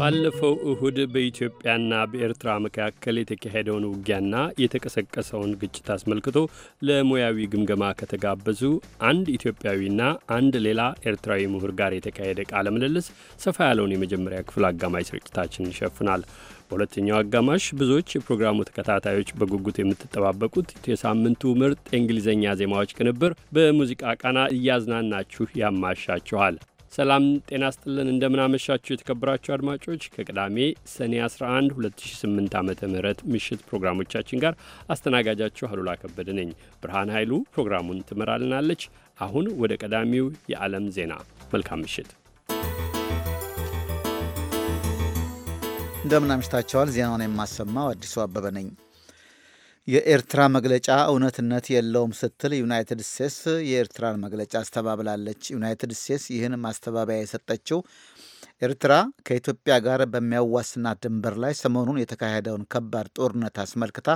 ባለፈው እሁድ በኢትዮጵያና በኤርትራ መካከል የተካሄደውን ውጊያና የተቀሰቀሰውን ግጭት አስመልክቶ ለሙያዊ ግምገማ ከተጋበዙ አንድ ኢትዮጵያዊና አንድ ሌላ ኤርትራዊ ምሁር ጋር የተካሄደ ቃለ ምልልስ ሰፋ ያለውን የመጀመሪያ ክፍል አጋማሽ ስርጭታችንን ይሸፍናል። በሁለተኛው አጋማሽ ብዙዎች የፕሮግራሙ ተከታታዮች በጉጉት የምትጠባበቁት የሳምንቱ ምርጥ የእንግሊዝኛ ዜማዎች ቅንብር በሙዚቃ ቃና እያዝናናችሁ ያማሻችኋል። ሰላም ጤና ስጥልን። እንደምናመሻችሁ የተከበራችሁ አድማጮች ከቅዳሜ ሰኔ 11 2008 ዓ ም ምሽት ፕሮግራሞቻችን ጋር አስተናጋጃችሁ አሉላ ከበደ ነኝ። ብርሃን ኃይሉ ፕሮግራሙን ትመራልናለች። አሁን ወደ ቀዳሚው የዓለም ዜና። መልካም ምሽት እንደምናምሽታቸዋል። ዜናውን የማሰማው አዲሱ አበበ ነኝ። የኤርትራ መግለጫ እውነትነት የለውም ስትል ዩናይትድ ስቴትስ የኤርትራን መግለጫ አስተባብላለች። ዩናይትድ ስቴትስ ይህን ማስተባበያ የሰጠችው ኤርትራ ከኢትዮጵያ ጋር በሚያዋስናት ድንበር ላይ ሰሞኑን የተካሄደውን ከባድ ጦርነት አስመልክታ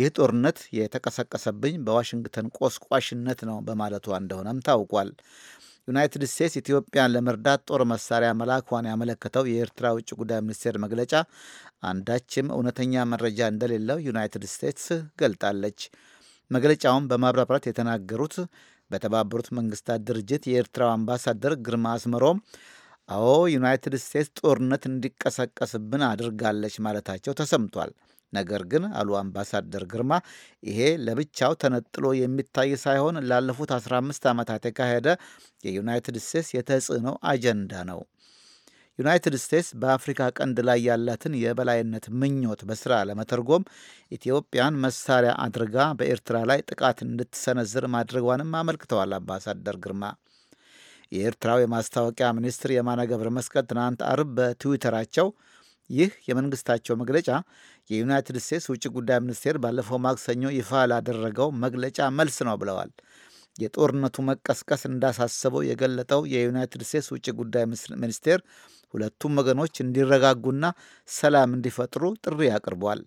ይህ ጦርነት የተቀሰቀሰብኝ በዋሽንግተን ቆስቋሽነት ነው በማለቷ እንደሆነም ታውቋል። ዩናይትድ ስቴትስ ኢትዮጵያን ለመርዳት ጦር መሳሪያ መላኳን ያመለከተው የኤርትራ ውጭ ጉዳይ ሚኒስቴር መግለጫ አንዳችም እውነተኛ መረጃ እንደሌለው ዩናይትድ ስቴትስ ገልጣለች። መግለጫውን በማብራራት የተናገሩት በተባበሩት መንግስታት ድርጅት የኤርትራው አምባሳደር ግርማ አስመሮም አዎ ዩናይትድ ስቴትስ ጦርነት እንዲቀሰቀስብን አድርጋለች ማለታቸው ተሰምቷል። ነገር ግን አሉ አምባሳደር ግርማ ይሄ ለብቻው ተነጥሎ የሚታይ ሳይሆን ላለፉት 15 ዓመታት የካሄደ የዩናይትድ ስቴትስ የተጽዕኖ አጀንዳ ነው። ዩናይትድ ስቴትስ በአፍሪካ ቀንድ ላይ ያላትን የበላይነት ምኞት በስራ ለመተርጎም ኢትዮጵያን መሳሪያ አድርጋ በኤርትራ ላይ ጥቃት እንድትሰነዝር ማድረጓንም አመልክተዋል አምባሳደር ግርማ። የኤርትራው የማስታወቂያ ሚኒስትር የማነ ገብረ መስቀል ትናንት አርብ በትዊተራቸው ይህ የመንግስታቸው መግለጫ የዩናይትድ ስቴትስ ውጭ ጉዳይ ሚኒስቴር ባለፈው ማክሰኞ ይፋ ላደረገው መግለጫ መልስ ነው ብለዋል። የጦርነቱ መቀስቀስ እንዳሳሰበው የገለጠው የዩናይትድ ስቴትስ ውጭ ጉዳይ ሚኒስቴር ሁለቱም ወገኖች እንዲረጋጉና ሰላም እንዲፈጥሩ ጥሪ አቅርቧል።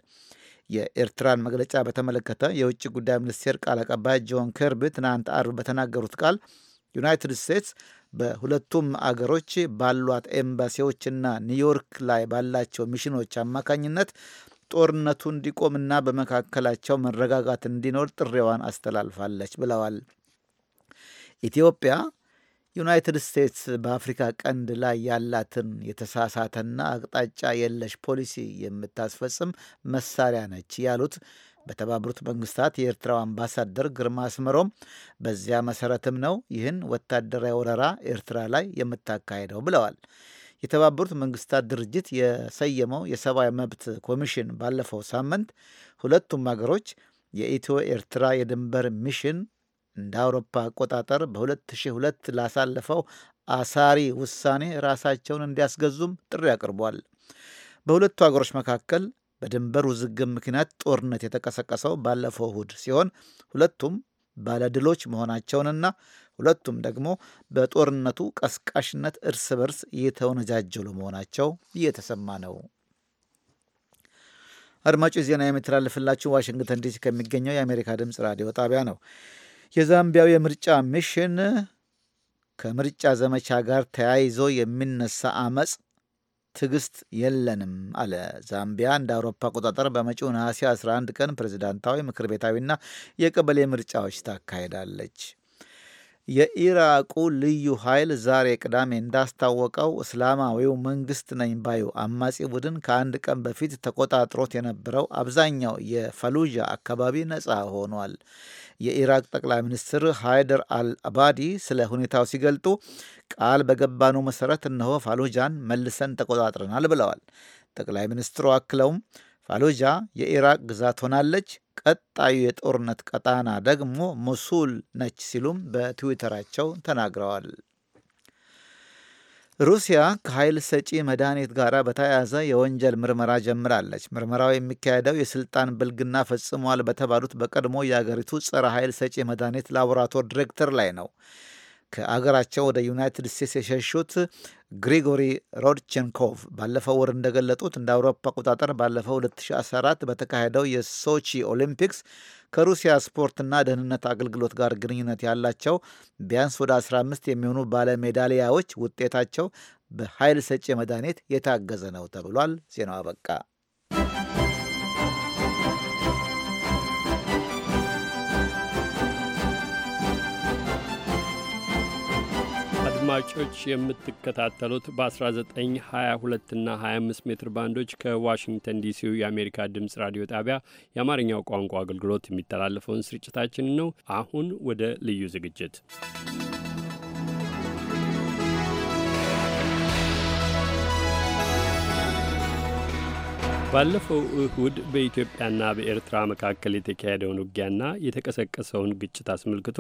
የኤርትራን መግለጫ በተመለከተ የውጭ ጉዳይ ሚኒስቴር ቃል አቀባይ ጆን ከርቢ ትናንት አርብ በተናገሩት ቃል ዩናይትድ ስቴትስ በሁለቱም አገሮች ባሏት ኤምባሲዎችና ኒውዮርክ ላይ ባላቸው ሚሽኖች አማካኝነት ጦርነቱ እንዲቆምና በመካከላቸው መረጋጋት እንዲኖር ጥሪዋን አስተላልፋለች ብለዋል። ኢትዮጵያ ዩናይትድ ስቴትስ በአፍሪካ ቀንድ ላይ ያላትን የተሳሳተና አቅጣጫ የለሽ ፖሊሲ የምታስፈጽም መሳሪያ ነች ያሉት በተባበሩት መንግስታት የኤርትራው አምባሳደር ግርማ አስመሮም በዚያ መሰረትም ነው ይህን ወታደራዊ ወረራ ኤርትራ ላይ የምታካሄደው ብለዋል። የተባበሩት መንግስታት ድርጅት የሰየመው የሰብአዊ መብት ኮሚሽን ባለፈው ሳምንት ሁለቱም አገሮች የኢትዮ ኤርትራ የድንበር ሚሽን እንደ አውሮፓ አቆጣጠር በ2002 ላሳለፈው አሳሪ ውሳኔ ራሳቸውን እንዲያስገዙም ጥሪ አቅርቧል። በሁለቱ አገሮች መካከል በድንበር ውዝግብ ምክንያት ጦርነት የተቀሰቀሰው ባለፈው እሁድ ሲሆን ሁለቱም ባለድሎች መሆናቸውንና ሁለቱም ደግሞ በጦርነቱ ቀስቃሽነት እርስ በርስ እየተወነጃጀሉ መሆናቸው እየተሰማ ነው። አድማጮች ዜና የሚተላለፍላችሁ ዋሽንግተን ዲሲ ከሚገኘው የአሜሪካ ድምፅ ራዲዮ ጣቢያ ነው። የዛምቢያው የምርጫ ሚሽን ከምርጫ ዘመቻ ጋር ተያይዞ የሚነሳ አመፅ ትዕግስት የለንም አለ። ዛምቢያ እንደ አውሮፓ አቆጣጠር በመጪው ነሐሴ 11 ቀን ፕሬዚዳንታዊ፣ ምክር ቤታዊና የቀበሌ ምርጫዎች ታካሂዳለች። የኢራቁ ልዩ ኃይል ዛሬ ቅዳሜ እንዳስታወቀው እስላማዊው መንግስት ነኝ ባዩ አማጺ ቡድን ከአንድ ቀን በፊት ተቆጣጥሮት የነበረው አብዛኛው የፈሉጃ አካባቢ ነጻ ሆኗል። የኢራቅ ጠቅላይ ሚኒስትር ሃይደር አል አባዲ ስለ ሁኔታው ሲገልጡ ቃል በገባነው መሰረት እነሆ ፋሉጃን መልሰን ተቆጣጥረናል ብለዋል። ጠቅላይ ሚኒስትሩ አክለውም ፋሉጃ የኢራቅ ግዛት ሆናለች፣ ቀጣዩ የጦርነት ቀጣና ደግሞ ሞሱል ነች ሲሉም በትዊተራቸው ተናግረዋል። ሩሲያ ከኃይል ሰጪ መድኃኒት ጋር በተያያዘ የወንጀል ምርመራ ጀምራለች። ምርመራው የሚካሄደው የስልጣን ብልግና ፈጽሟል በተባሉት በቀድሞ የአገሪቱ ጸረ ኃይል ሰጪ መድኃኒት ላቦራቶር ዲሬክተር ላይ ነው። ከአገራቸው ወደ ዩናይትድ ስቴትስ የሸሹት ግሪጎሪ ሮድቸንኮቭ ባለፈው ወር እንደገለጡት እንደ አውሮፓ አቆጣጠር ባለፈው 2014 በተካሄደው የሶቺ ኦሊምፒክስ ከሩሲያ ስፖርትና ደህንነት አገልግሎት ጋር ግንኙነት ያላቸው ቢያንስ ወደ 15 የሚሆኑ ባለሜዳሊያዎች ውጤታቸው በኃይል ሰጪ መድኃኒት የታገዘ ነው ተብሏል። ዜናው አበቃ። አድማጮች የምትከታተሉት በ1922 እና 25 ሜትር ባንዶች ከዋሽንግተን ዲሲው የአሜሪካ ድምፅ ራዲዮ ጣቢያ የአማርኛው ቋንቋ አገልግሎት የሚተላለፈውን ስርጭታችን ነው። አሁን ወደ ልዩ ዝግጅት ባለፈው እሁድ በኢትዮጵያና በኤርትራ መካከል የተካሄደውን ውጊያና የተቀሰቀሰውን ግጭት አስመልክቶ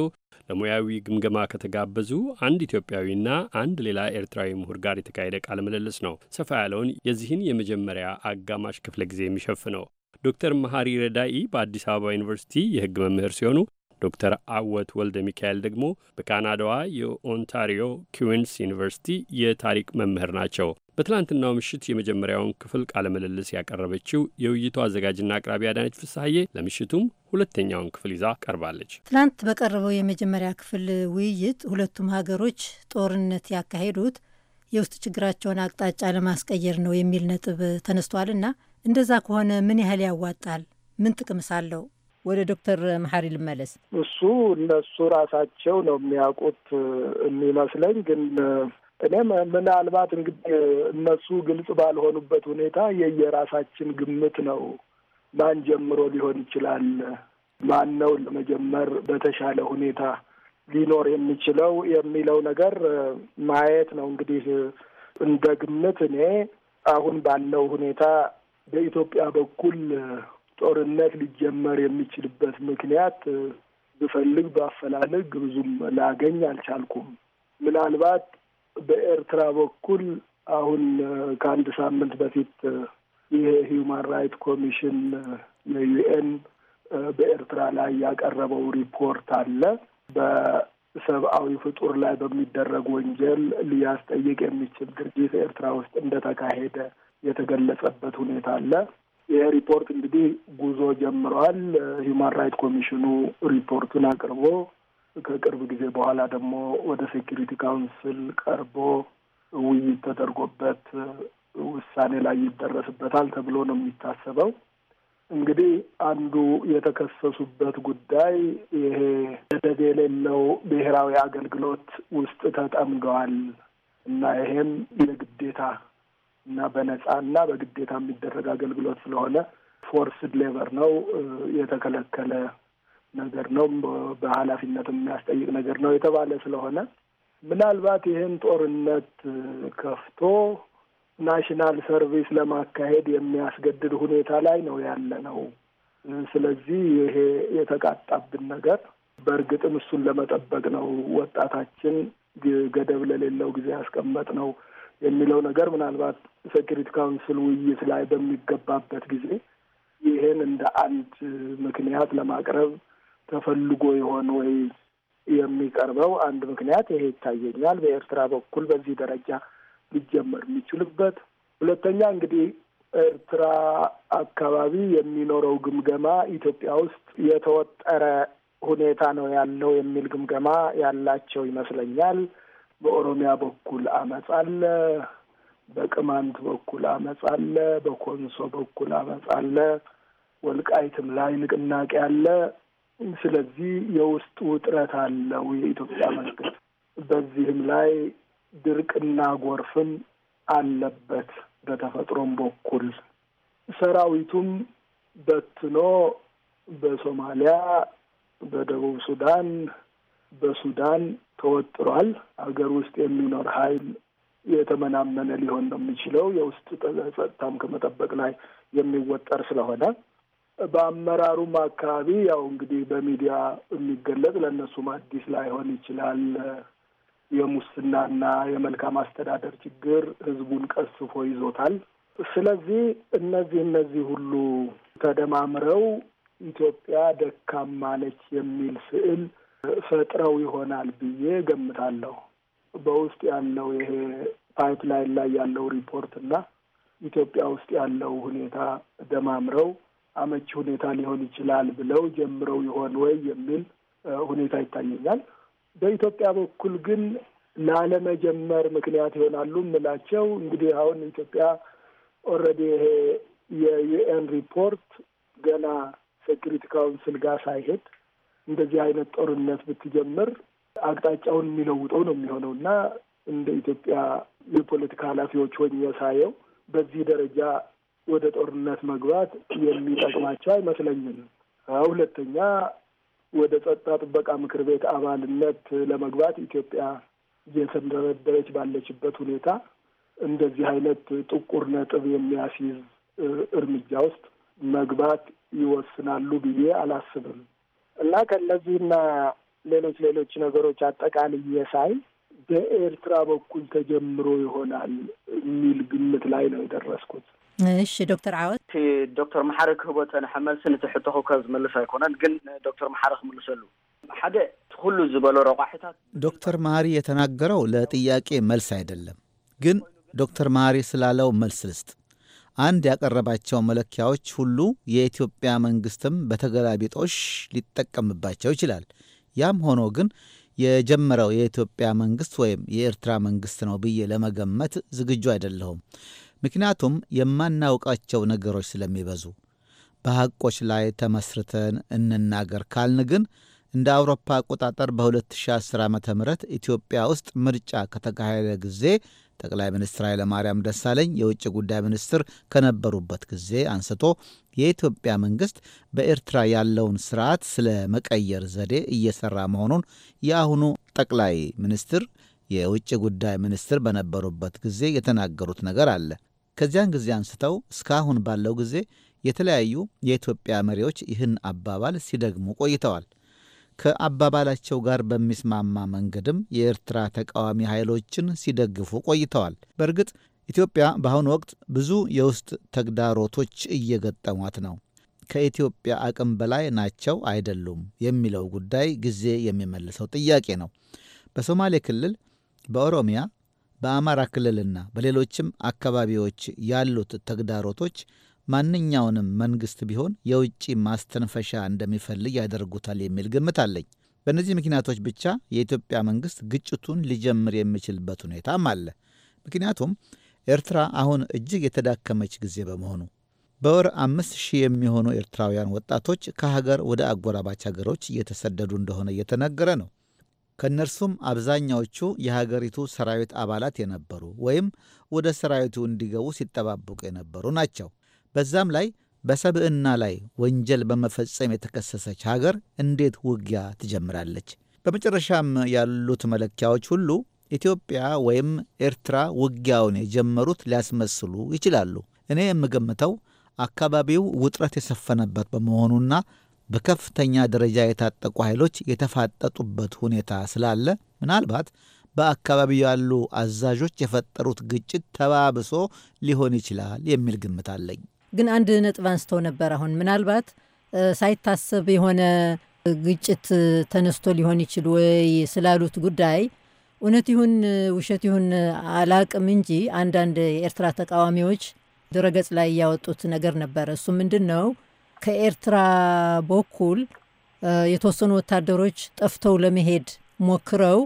ለሙያዊ ግምገማ ከተጋበዙ አንድ ኢትዮጵያዊና አንድ ሌላ ኤርትራዊ ምሁር ጋር የተካሄደ ቃለ ምልልስ ነው። ሰፋ ያለውን የዚህን የመጀመሪያ አጋማሽ ክፍለ ጊዜ የሚሸፍነው ዶክተር መሐሪ ረዳኢ በአዲስ አበባ ዩኒቨርሲቲ የሕግ መምህር ሲሆኑ ዶክተር አወት ወልደ ሚካኤል ደግሞ በካናዳዋ የኦንታሪዮ ኪዊንስ ዩኒቨርሲቲ የታሪክ መምህር ናቸው። በትላንትናው ምሽት የመጀመሪያውን ክፍል ቃለ ምልልስ ያቀረበችው የውይይቱ አዘጋጅና አቅራቢ አዳነች ፍሳሐዬ ለምሽቱም ሁለተኛውን ክፍል ይዛ ቀርባለች። ትላንት በቀረበው የመጀመሪያ ክፍል ውይይት ሁለቱም ሀገሮች ጦርነት ያካሄዱት የውስጥ ችግራቸውን አቅጣጫ ለማስቀየር ነው የሚል ነጥብ ተነስቷልና እንደዛ ከሆነ ምን ያህል ያዋጣል? ምን ጥቅምስ አለው? ወደ ዶክተር መሐሪ ልመለስ። እሱ እነሱ ራሳቸው ነው የሚያውቁት የሚመስለኝ ግን እኔ ምናልባት እንግዲህ እነሱ ግልጽ ባልሆኑበት ሁኔታ የየራሳችን ግምት ነው። ማን ጀምሮ ሊሆን ይችላል? ማን ነው ለመጀመር በተሻለ ሁኔታ ሊኖር የሚችለው የሚለው ነገር ማየት ነው። እንግዲህ እንደ ግምት እኔ አሁን ባለው ሁኔታ በኢትዮጵያ በኩል ጦርነት ሊጀመር የሚችልበት ምክንያት ብፈልግ ባፈላልግ ብዙም ላገኝ አልቻልኩም። ምናልባት በኤርትራ በኩል አሁን ከአንድ ሳምንት በፊት ይሄ ሂውማን ራይት ኮሚሽን የዩኤን በኤርትራ ላይ ያቀረበው ሪፖርት አለ። በሰብአዊ ፍጡር ላይ በሚደረግ ወንጀል ሊያስጠይቅ የሚችል ድርጊት ኤርትራ ውስጥ እንደተካሄደ የተገለጸበት ሁኔታ አለ። ይሄ ሪፖርት እንግዲህ ጉዞ ጀምረዋል። ሂውማን ራይት ኮሚሽኑ ሪፖርቱን አቅርቦ ከቅርብ ጊዜ በኋላ ደግሞ ወደ ሴኪሪቲ ካውንስል ቀርቦ ውይይት ተደርጎበት ውሳኔ ላይ ይደረስበታል ተብሎ ነው የሚታሰበው። እንግዲህ አንዱ የተከሰሱበት ጉዳይ ይሄ ገደብ የሌለው ብሔራዊ አገልግሎት ውስጥ ተጠምደዋል እና ይሄም የግዴታ እና በነጻ እና በግዴታ የሚደረግ አገልግሎት ስለሆነ ፎርስድ ሌበር ነው፣ የተከለከለ ነገር ነው፣ በኃላፊነት የሚያስጠይቅ ነገር ነው የተባለ ስለሆነ ምናልባት ይህን ጦርነት ከፍቶ ናሽናል ሰርቪስ ለማካሄድ የሚያስገድድ ሁኔታ ላይ ነው ያለ ነው። ስለዚህ ይሄ የተቃጣብን ነገር በእርግጥም እሱን ለመጠበቅ ነው። ወጣታችን ገደብ ለሌለው ጊዜ ያስቀመጥ ነው የሚለው ነገር ምናልባት ሴኪሪቲ ካውንስል ውይይት ላይ በሚገባበት ጊዜ ይህን እንደ አንድ ምክንያት ለማቅረብ ተፈልጎ ይሆን ወይ የሚቀርበው አንድ ምክንያት ይሄ ይታየኛል። በኤርትራ በኩል በዚህ ደረጃ ሊጀመር የሚችልበት ሁለተኛ እንግዲህ ኤርትራ አካባቢ የሚኖረው ግምገማ ኢትዮጵያ ውስጥ የተወጠረ ሁኔታ ነው ያለው የሚል ግምገማ ያላቸው ይመስለኛል። በኦሮሚያ በኩል አመፅ አለ፣ በቅማንት በኩል አመፅ አለ፣ በኮንሶ በኩል አመፅ አለ፣ ወልቃይትም ላይ ንቅናቄ አለ። ስለዚህ የውስጥ ውጥረት አለው የኢትዮጵያ መንግስት። በዚህም ላይ ድርቅና ጎርፍም አለበት በተፈጥሮም በኩል ሰራዊቱም በትኖ በሶማሊያ፣ በደቡብ ሱዳን፣ በሱዳን ተወጥሯል። ሀገር ውስጥ የሚኖር ኃይል የተመናመነ ሊሆን ነው የሚችለው የውስጥ ጸጥታም ከመጠበቅ ላይ የሚወጠር ስለሆነ በአመራሩም አካባቢ ያው እንግዲህ በሚዲያ የሚገለጽ ለእነሱም አዲስ ላይሆን ይችላል። የሙስናና የመልካም አስተዳደር ችግር ህዝቡን ቀስፎ ይዞታል። ስለዚህ እነዚህ እነዚህ ሁሉ ተደማምረው ኢትዮጵያ ደካማ ነች የሚል ስዕል ፈጥረው ይሆናል ብዬ ገምታለሁ። በውስጥ ያለው ይሄ ፓይፕላይን ላይ ያለው ሪፖርት እና ኢትዮጵያ ውስጥ ያለው ሁኔታ ደማምረው አመቺ ሁኔታ ሊሆን ይችላል ብለው ጀምረው ይሆን ወይ የሚል ሁኔታ ይታየኛል። በኢትዮጵያ በኩል ግን ላለመጀመር ምክንያት ይሆናሉ የምላቸው እንግዲህ አሁን ኢትዮጵያ ኦልሬዲ ይሄ የዩኤን ሪፖርት ገና ሴኪሪቲ ካውንስል ጋር ሳይሄድ እንደዚህ አይነት ጦርነት ብትጀምር አቅጣጫውን የሚለውጠው ነው የሚሆነው እና እንደ ኢትዮጵያ የፖለቲካ ኃላፊዎች ሆኜ ሳየው በዚህ ደረጃ ወደ ጦርነት መግባት የሚጠቅማቸው አይመስለኝም። ሁለተኛ ወደ ጸጥታ ጥበቃ ምክር ቤት አባልነት ለመግባት ኢትዮጵያ እየተንደረደረች ባለችበት ሁኔታ እንደዚህ አይነት ጥቁር ነጥብ የሚያስይዝ እርምጃ ውስጥ መግባት ይወስናሉ ብዬ አላስብም። እና ከእነዚህና ሌሎች ሌሎች ነገሮች አጠቃልዬ ሳይ በኤርትራ በኩል ተጀምሮ ይሆናል የሚል ግምት ላይ ነው የደረስኩት። እሺ ዶክተር ዓወት እቲ ዶክተር መሓሪ ክህቦ ፀንሐ መልሲ ነቲ ሕቶ ኮካ ዝመልስ ኣይኮነን ግን ዶክተር መሓሪ ክምልሰሉ ሓደ እቲ ኩሉ ዝበሎ ረቋሒታት ዶክተር መሃሪ የተናገረው ለጥያቄ መልስ አይደለም፣ ግን ዶክተር መሃሪ ስላለው መልስ ልስጥ አንድ ያቀረባቸው መለኪያዎች ሁሉ የኢትዮጵያ መንግሥትም በተገላቢጦሽ ሊጠቀምባቸው ይችላል። ያም ሆኖ ግን የጀመረው የኢትዮጵያ መንግሥት ወይም የኤርትራ መንግሥት ነው ብዬ ለመገመት ዝግጁ አይደለሁም። ምክንያቱም የማናውቃቸው ነገሮች ስለሚበዙ በሐቆች ላይ ተመስርተን እንናገር ካልን ግን እንደ አውሮፓ አቆጣጠር በ2010 ዓ ም ኢትዮጵያ ውስጥ ምርጫ ከተካሄደ ጊዜ ጠቅላይ ሚኒስትር ኃይለማርያም ደሳለኝ የውጭ ጉዳይ ሚኒስትር ከነበሩበት ጊዜ አንስቶ የኢትዮጵያ መንግስት በኤርትራ ያለውን ስርዓት ስለ መቀየር ዘዴ እየሰራ መሆኑን የአሁኑ ጠቅላይ ሚኒስትር የውጭ ጉዳይ ሚኒስትር በነበሩበት ጊዜ የተናገሩት ነገር አለ። ከዚያን ጊዜ አንስተው እስካሁን ባለው ጊዜ የተለያዩ የኢትዮጵያ መሪዎች ይህን አባባል ሲደግሙ ቆይተዋል። ከአባባላቸው ጋር በሚስማማ መንገድም የኤርትራ ተቃዋሚ ኃይሎችን ሲደግፉ ቆይተዋል። በእርግጥ ኢትዮጵያ በአሁኑ ወቅት ብዙ የውስጥ ተግዳሮቶች እየገጠሟት ነው። ከኢትዮጵያ አቅም በላይ ናቸው አይደሉም የሚለው ጉዳይ ጊዜ የሚመልሰው ጥያቄ ነው። በሶማሌ ክልል፣ በኦሮሚያ፣ በአማራ ክልልና በሌሎችም አካባቢዎች ያሉት ተግዳሮቶች ማንኛውንም መንግስት ቢሆን የውጭ ማስተንፈሻ እንደሚፈልግ ያደርጉታል የሚል ግምት አለኝ። በእነዚህ ምክንያቶች ብቻ የኢትዮጵያ መንግስት ግጭቱን ሊጀምር የሚችልበት ሁኔታም አለ። ምክንያቱም ኤርትራ አሁን እጅግ የተዳከመች ጊዜ በመሆኑ በወር አምስት ሺህ የሚሆኑ ኤርትራውያን ወጣቶች ከሀገር ወደ አጎራባች ሀገሮች እየተሰደዱ እንደሆነ እየተነገረ ነው። ከእነርሱም አብዛኛዎቹ የሀገሪቱ ሰራዊት አባላት የነበሩ ወይም ወደ ሰራዊቱ እንዲገቡ ሲጠባበቁ የነበሩ ናቸው። በዛም ላይ በሰብዕና ላይ ወንጀል በመፈጸም የተከሰሰች ሀገር እንዴት ውጊያ ትጀምራለች? በመጨረሻም ያሉት መለኪያዎች ሁሉ ኢትዮጵያ ወይም ኤርትራ ውጊያውን የጀመሩት ሊያስመስሉ ይችላሉ። እኔ የምገምተው አካባቢው ውጥረት የሰፈነበት በመሆኑና በከፍተኛ ደረጃ የታጠቁ ኃይሎች የተፋጠጡበት ሁኔታ ስላለ ምናልባት በአካባቢው ያሉ አዛዦች የፈጠሩት ግጭት ተባብሶ ሊሆን ይችላል የሚል ግምት አለኝ። ግን አንድ ነጥብ አንስተው ነበር። አሁን ምናልባት ሳይታሰብ የሆነ ግጭት ተነስቶ ሊሆን ይችል ወይ ስላሉት ጉዳይ እውነት ይሁን ውሸት ይሁን አላቅም እንጂ አንዳንድ የኤርትራ ተቃዋሚዎች ድረገጽ ላይ ያወጡት ነገር ነበረ። እሱ ምንድን ነው? ከኤርትራ በኩል የተወሰኑ ወታደሮች ጠፍተው ለመሄድ ሞክረው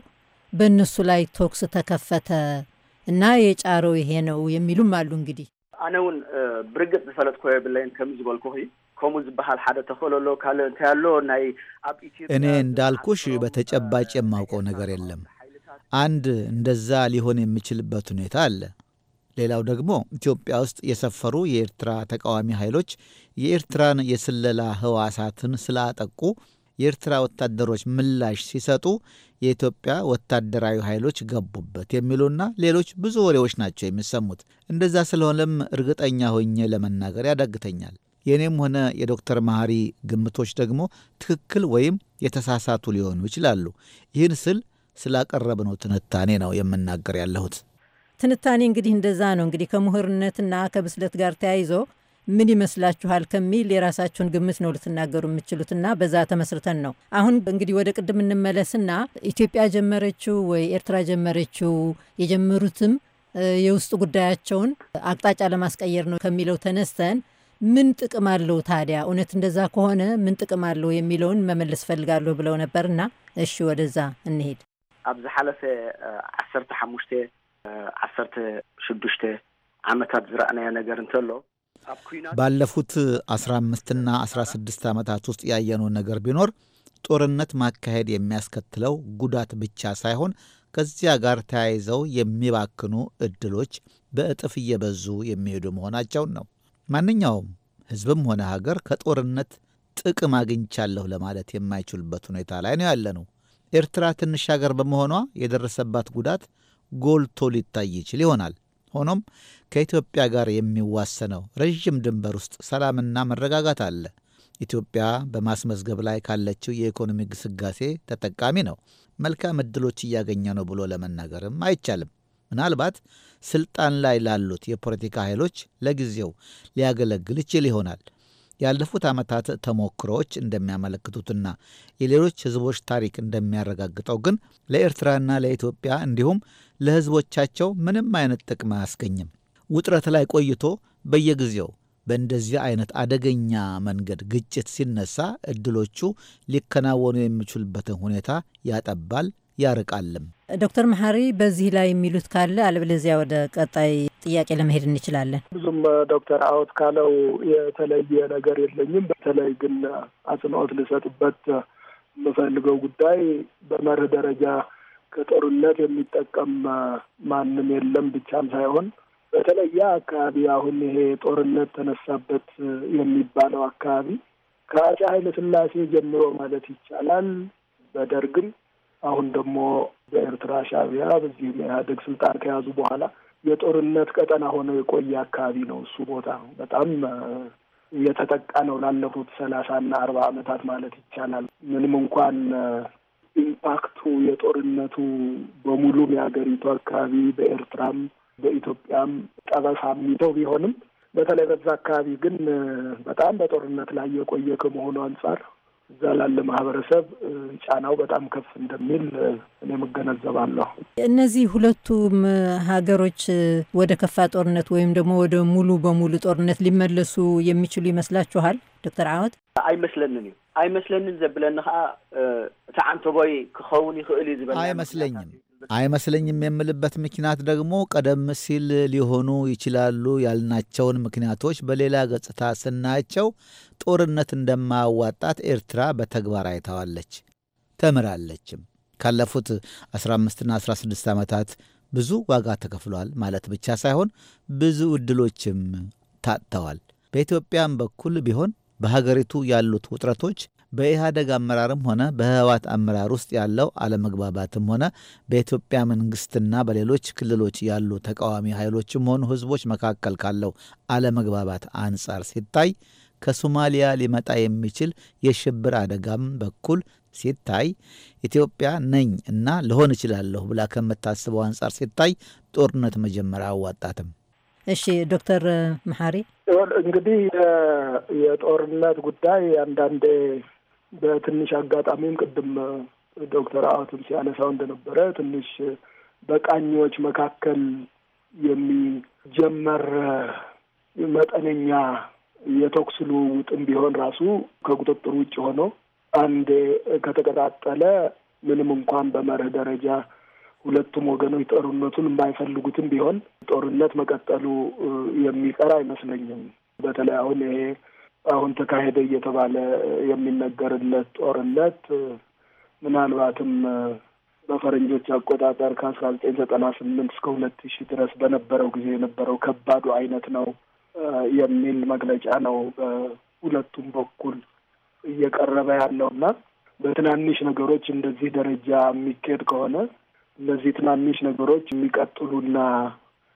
በእነሱ ላይ ተኩስ ተከፈተ እና የጫረው ይሄ ነው የሚሉም አሉ እንግዲህ ኣነ እውን ብርግፅ ዝፈለጥ ኮ የብለይን ከም ዝበልኩ ከምኡ ዝበሃል ሓደ ተኽእለሎ ካልእ እንታይ ኣሎ ናይ ኣብ ኢትዮ እኔ እንዳልኩሽ በተጨባጭ የማውቀው ነገር የለም። አንድ እንደዛ ሊሆን የሚችልበት ሁኔታ አለ። ሌላው ደግሞ ኢትዮጵያ ውስጥ የሰፈሩ የኤርትራ ተቃዋሚ ኃይሎች የኤርትራን የስለላ ህዋሳትን ስላጠቁ የኤርትራ ወታደሮች ምላሽ ሲሰጡ የኢትዮጵያ ወታደራዊ ኃይሎች ገቡበት የሚሉና ሌሎች ብዙ ወሬዎች ናቸው የሚሰሙት። እንደዛ ስለሆነም እርግጠኛ ሆኜ ለመናገር ያዳግተኛል። የእኔም ሆነ የዶክተር መሐሪ ግምቶች ደግሞ ትክክል ወይም የተሳሳቱ ሊሆኑ ይችላሉ። ይህን ስል ስላቀረብነው ትንታኔ ነው የምናገር ያለሁት። ትንታኔ እንግዲህ እንደዛ ነው። እንግዲህ ከምሁርነትና ከብስለት ጋር ተያይዞ ምን ይመስላችኋል ከሚል የራሳችሁን ግምት ነው ልትናገሩ የምችሉትና በዛ ተመስርተን ነው። አሁን እንግዲህ ወደ ቅድም እንመለስና ኢትዮጵያ ጀመረችው ወይ ኤርትራ ጀመረችው የጀመሩትም የውስጥ ጉዳያቸውን አቅጣጫ ለማስቀየር ነው ከሚለው ተነስተን ምን ጥቅም አለው ታዲያ? እውነት እንደዛ ከሆነ ምን ጥቅም አለው የሚለውን መመለስ ፈልጋለሁ ብለው ነበርና እሺ፣ ወደዛ እንሄድ። ኣብ ዝሓለፈ ዓሰርተ ሓሙሽተ ዓሰርተ ሽዱሽተ ዓመታት ዝረእናዮ ነገር እንተሎ ባለፉት 15ና 16 ዓመታት ውስጥ ያየነው ነገር ቢኖር ጦርነት ማካሄድ የሚያስከትለው ጉዳት ብቻ ሳይሆን ከዚያ ጋር ተያይዘው የሚባክኑ እድሎች በእጥፍ እየበዙ የሚሄዱ መሆናቸውን ነው። ማንኛውም ሕዝብም ሆነ ሀገር ከጦርነት ጥቅም አግኝቻለሁ ለማለት የማይችሉበት ሁኔታ ላይ ነው ያለነው። ኤርትራ ትንሽ ሀገር በመሆኗ የደረሰባት ጉዳት ጎልቶ ሊታይ ይችል ይሆናል። ሆኖም ከኢትዮጵያ ጋር የሚዋሰነው ረዥም ድንበር ውስጥ ሰላምና መረጋጋት አለ። ኢትዮጵያ በማስመዝገብ ላይ ካለችው የኢኮኖሚ ግስጋሴ ተጠቃሚ ነው። መልካም ዕድሎች እያገኘ ነው ብሎ ለመናገርም አይቻልም። ምናልባት ስልጣን ላይ ላሉት የፖለቲካ ኃይሎች ለጊዜው ሊያገለግል ይችል ይሆናል። ያለፉት ዓመታት ተሞክሮዎች እንደሚያመለክቱትና የሌሎች ሕዝቦች ታሪክ እንደሚያረጋግጠው ግን ለኤርትራና ለኢትዮጵያ እንዲሁም ለሕዝቦቻቸው ምንም አይነት ጥቅም አያስገኝም። ውጥረት ላይ ቆይቶ በየጊዜው በእንደዚህ አይነት አደገኛ መንገድ ግጭት ሲነሳ እድሎቹ ሊከናወኑ የሚችሉበትን ሁኔታ ያጠባል፣ ያርቃልም። ዶክተር መሐሪ በዚህ ላይ የሚሉት ካለ አለበለዚያ ወደ ቀጣይ ጥያቄ ለመሄድ እንችላለን። ብዙም ዶክተር አወት ካለው የተለየ ነገር የለኝም። በተለይ ግን አጽንኦት ልሰጥበት የምፈልገው ጉዳይ በመርህ ደረጃ ከጦርነት የሚጠቀም ማንም የለም ብቻም ሳይሆን በተለየ አካባቢ አሁን ይሄ ጦርነት ተነሳበት የሚባለው አካባቢ ከአጼ ኃይለ ሥላሴ ጀምሮ ማለት ይቻላል በደርግም አሁን ደግሞ በኤርትራ ሻቢያ በዚህም ኢህአዴግ ስልጣን ከያዙ በኋላ የጦርነት ቀጠና ሆኖ የቆየ አካባቢ ነው። እሱ ቦታ በጣም የተጠቃ ነው ላለፉት ሰላሳና አርባ ዓመታት ማለት ይቻላል ምንም እንኳን ኢምፓክቱ የጦርነቱ በሙሉ የሀገሪቱ አካባቢ በኤርትራም በኢትዮጵያም ጠበሳ የሚተው ቢሆንም በተለይ በዛ አካባቢ ግን በጣም በጦርነት ላይ የቆየ ከመሆኑ አንጻር እዛ ላለ ማህበረሰብ ጫናው በጣም ከፍ እንደሚል እኔ እገነዘባለሁ። እነዚህ ሁለቱም ሀገሮች ወደ ከፋ ጦርነት ወይም ደግሞ ወደ ሙሉ በሙሉ ጦርነት ሊመለሱ የሚችሉ ይመስላችኋል ዶክተር አወት? አይመስለንም ኣይመስለኒን ዘብለኒ ከዓ እቲ ቦይ ክኸውን ይኽእል እዩ ዝበል አይመስለኝም አይመስለኝም የምልበት ምክንያት ደግሞ ቀደም ሲል ሊሆኑ ይችላሉ ያልናቸውን ምክንያቶች በሌላ ገጽታ ስናያቸው ጦርነት እንደማያዋጣት ኤርትራ በተግባር አይታዋለች፣ ተምራለችም። ካለፉት 15ና 16 ዓመታት ብዙ ዋጋ ተከፍሏል ማለት ብቻ ሳይሆን ብዙ ዕድሎችም ታጥተዋል። በኢትዮጵያም በኩል ቢሆን በሀገሪቱ ያሉት ውጥረቶች በኢህአደግ አመራርም ሆነ በህወሓት አመራር ውስጥ ያለው አለመግባባትም ሆነ በኢትዮጵያ መንግስትና በሌሎች ክልሎች ያሉ ተቃዋሚ ኃይሎችም ሆኑ ህዝቦች መካከል ካለው አለመግባባት አንጻር ሲታይ ከሶማሊያ ሊመጣ የሚችል የሽብር አደጋም በኩል ሲታይ ኢትዮጵያ ነኝ እና ልሆን እችላለሁ ብላ ከምታስበው አንጻር ሲታይ ጦርነት መጀመሪያ አዋጣትም። እሺ ዶክተር መሐሪ እንግዲህ የጦርነት ጉዳይ አንዳንዴ በትንሽ አጋጣሚም ቅድም ዶክተር አቱም ሲያነሳው እንደነበረ ትንሽ በቃኞች መካከል የሚጀመር መጠነኛ የተኩስ ልውውጥም ቢሆን ራሱ ከቁጥጥር ውጭ ሆኖ አንዴ ከተቀጣጠለ ምንም እንኳን በመርህ ደረጃ ሁለቱም ወገኖች ጦርነቱን የማይፈልጉትም ቢሆን ጦርነት መቀጠሉ የሚቀር አይመስለኝም። በተለይ አሁን ይሄ አሁን ተካሄደ እየተባለ የሚነገርለት ጦርነት ምናልባትም በፈረንጆች አቆጣጠር ከአስራ ዘጠኝ ዘጠና ስምንት እስከ ሁለት ሺህ ድረስ በነበረው ጊዜ የነበረው ከባዱ አይነት ነው የሚል መግለጫ ነው በሁለቱም በኩል እየቀረበ ያለው እና በትናንሽ ነገሮች እንደዚህ ደረጃ የሚካሄድ ከሆነ እነዚህ ትናንሽ ነገሮች የሚቀጥሉና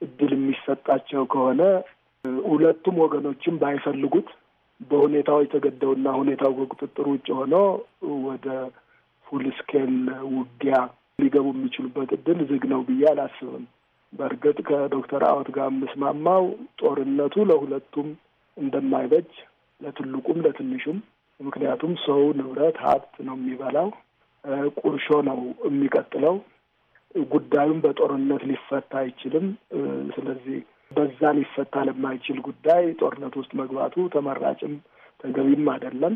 እድል የሚሰጣቸው ከሆነ ሁለቱም ወገኖችም ባይፈልጉት በሁኔታው የተገደውና ሁኔታው ከቁጥጥር ውጭ ሆኖ ወደ ፉል ስኬል ውጊያ ሊገቡ የሚችሉበት እድል ዝግ ነው ብዬ አላስብም። በእርግጥ ከዶክተር አወት ጋር የምስማማው ጦርነቱ ለሁለቱም እንደማይበጅ ለትልቁም ለትንሹም። ምክንያቱም ሰው ንብረት ሀብት ነው የሚበላው። ቁርሾ ነው የሚቀጥለው። ጉዳዩም በጦርነት ሊፈታ አይችልም። ስለዚህ በዛ ሊፈታ ለማይችል ጉዳይ ጦርነት ውስጥ መግባቱ ተመራጭም ተገቢም አይደለም።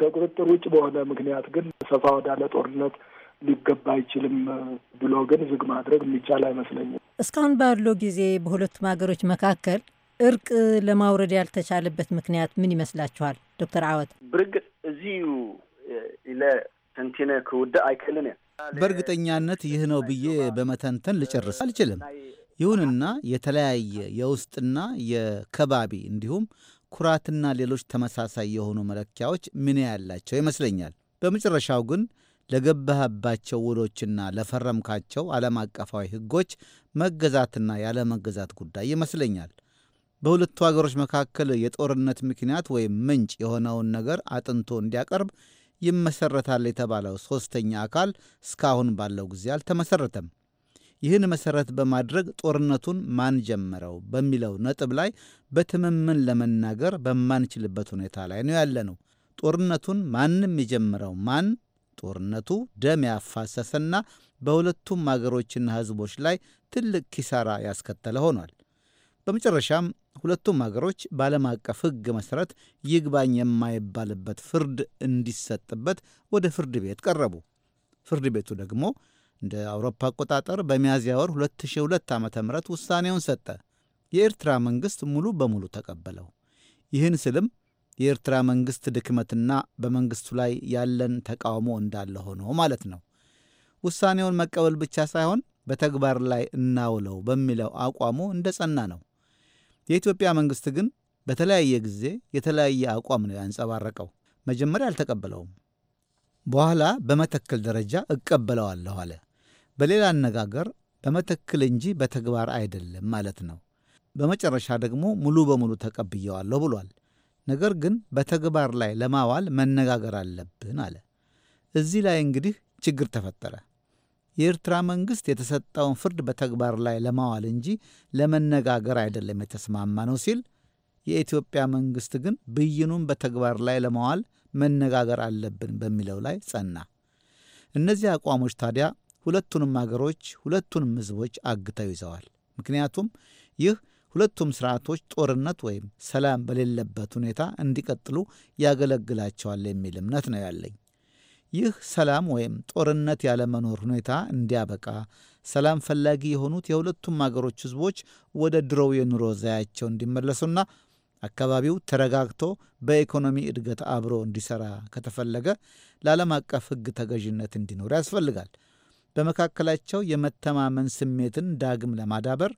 ከቁጥጥር ውጭ በሆነ ምክንያት ግን ሰፋ ወዳለ ጦርነት ሊገባ አይችልም ብሎ ግን ዝግ ማድረግ የሚቻል አይመስለኝም። እስካሁን ባለው ጊዜ በሁለቱም ሀገሮች መካከል እርቅ ለማውረድ ያልተቻለበት ምክንያት ምን ይመስላችኋል? ዶክተር አወት ብርግጽ እዚዩ ኢለ ክውደ አይክልን ኣይክእልን በእርግጠኛነት ይህ ነው ብዬ በመተንተን ልጨርስ አልችልም። ይሁንና የተለያየ የውስጥና የከባቢ እንዲሁም ኩራትና ሌሎች ተመሳሳይ የሆኑ መለኪያዎች ምን ያላቸው ይመስለኛል። በመጨረሻው ግን ለገባህባቸው ውሎችና ለፈረምካቸው ዓለም አቀፋዊ ሕጎች መገዛትና ያለመገዛት ጉዳይ ይመስለኛል። በሁለቱ አገሮች መካከል የጦርነት ምክንያት ወይም ምንጭ የሆነውን ነገር አጥንቶ እንዲያቀርብ ይመሰረታል የተባለው ሦስተኛ አካል እስካሁን ባለው ጊዜ አልተመሰረተም። ይህን መሰረት በማድረግ ጦርነቱን ማን ጀመረው በሚለው ነጥብ ላይ በትምምን ለመናገር በማንችልበት ሁኔታ ላይ ነው ያለነው። ጦርነቱን ማንም የጀመረው ማን፣ ጦርነቱ ደም ያፋሰሰና በሁለቱም አገሮችና ሕዝቦች ላይ ትልቅ ኪሳራ ያስከተለ ሆኗል። በመጨረሻም ሁለቱም አገሮች በዓለም አቀፍ ሕግ መሠረት ይግባኝ የማይባልበት ፍርድ እንዲሰጥበት ወደ ፍርድ ቤት ቀረቡ። ፍርድ ቤቱ ደግሞ እንደ አውሮፓ አቆጣጠር በሚያዝያ ወር 2002 ዓ ም ውሳኔውን ሰጠ። የኤርትራ መንግሥት ሙሉ በሙሉ ተቀበለው። ይህን ስልም የኤርትራ መንግሥት ድክመትና በመንግሥቱ ላይ ያለን ተቃውሞ እንዳለ ሆኖ ማለት ነው። ውሳኔውን መቀበል ብቻ ሳይሆን በተግባር ላይ እናውለው በሚለው አቋሙ እንደ ጸና ነው። የኢትዮጵያ መንግሥት ግን በተለያየ ጊዜ የተለያየ አቋም ነው ያንጸባረቀው። መጀመሪያ አልተቀበለውም፣ በኋላ በመተክል ደረጃ እቀበለዋለሁ አለ። በሌላ አነጋገር በመተክል እንጂ በተግባር አይደለም ማለት ነው። በመጨረሻ ደግሞ ሙሉ በሙሉ ተቀብየዋለሁ ብሏል። ነገር ግን በተግባር ላይ ለማዋል መነጋገር አለብን አለ። እዚህ ላይ እንግዲህ ችግር ተፈጠረ። የኤርትራ መንግሥት የተሰጠውን ፍርድ በተግባር ላይ ለማዋል እንጂ ለመነጋገር አይደለም የተስማማ ነው ሲል፣ የኢትዮጵያ መንግሥት ግን ብይኑን በተግባር ላይ ለማዋል መነጋገር አለብን በሚለው ላይ ጸና። እነዚህ አቋሞች ታዲያ ሁለቱንም አገሮች ሁለቱንም ህዝቦች አግተው ይዘዋል። ምክንያቱም ይህ ሁለቱም ስርዓቶች ጦርነት ወይም ሰላም በሌለበት ሁኔታ እንዲቀጥሉ ያገለግላቸዋል የሚል እምነት ነው ያለኝ። ይህ ሰላም ወይም ጦርነት ያለመኖር ሁኔታ እንዲያበቃ ሰላም ፈላጊ የሆኑት የሁለቱም አገሮች ሕዝቦች ወደ ድሮው የኑሮ ዘያቸው እንዲመለሱና አካባቢው ተረጋግቶ በኢኮኖሚ እድገት አብሮ እንዲሠራ ከተፈለገ ለዓለም አቀፍ ሕግ ተገዥነት እንዲኖር ያስፈልጋል። በመካከላቸው የመተማመን ስሜትን ዳግም ለማዳበር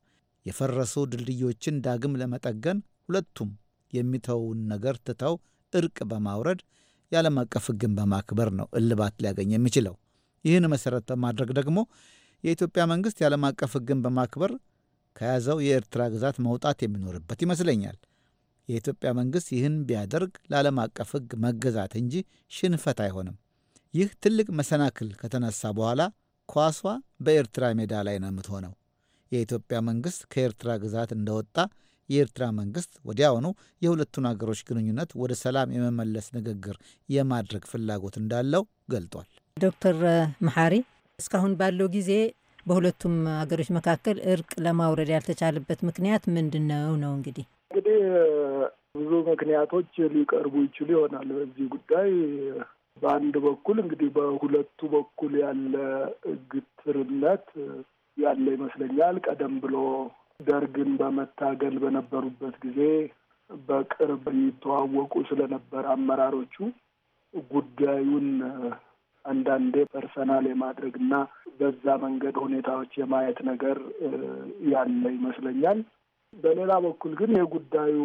የፈረሱ ድልድዮችን ዳግም ለመጠገን ሁለቱም የሚተውን ነገር ትተው እርቅ በማውረድ የዓለም አቀፍ ሕግን በማክበር ነው እልባት ሊያገኝ የሚችለው። ይህን መሠረት በማድረግ ደግሞ የኢትዮጵያ መንግሥት የዓለም አቀፍ ሕግን በማክበር ከያዘው የኤርትራ ግዛት መውጣት የሚኖርበት ይመስለኛል። የኢትዮጵያ መንግሥት ይህን ቢያደርግ ለዓለም አቀፍ ሕግ መገዛት እንጂ ሽንፈት አይሆንም። ይህ ትልቅ መሰናክል ከተነሳ በኋላ ኳሷ በኤርትራ ሜዳ ላይ ነው የምትሆነው። የኢትዮጵያ መንግሥት ከኤርትራ ግዛት እንደወጣ የኤርትራ መንግስት ወዲያውኑ የሁለቱን አገሮች ግንኙነት ወደ ሰላም የመመለስ ንግግር የማድረግ ፍላጎት እንዳለው ገልጧል። ዶክተር መሐሪ እስካሁን ባለው ጊዜ በሁለቱም ሀገሮች መካከል እርቅ ለማውረድ ያልተቻለበት ምክንያት ምንድን ነው? ነው እንግዲህ እንግዲህ ብዙ ምክንያቶች ሊቀርቡ ይችሉ ይሆናል በዚህ ጉዳይ። በአንድ በኩል እንግዲህ በሁለቱ በኩል ያለ ግትርነት ያለ ይመስለኛል። ቀደም ብሎ ደርግን በመታገል በነበሩበት ጊዜ በቅርብ ይተዋወቁ ስለነበረ አመራሮቹ ጉዳዩን አንዳንዴ ፐርሰናል የማድረግ እና በዛ መንገድ ሁኔታዎች የማየት ነገር ያለ ይመስለኛል። በሌላ በኩል ግን የጉዳዩ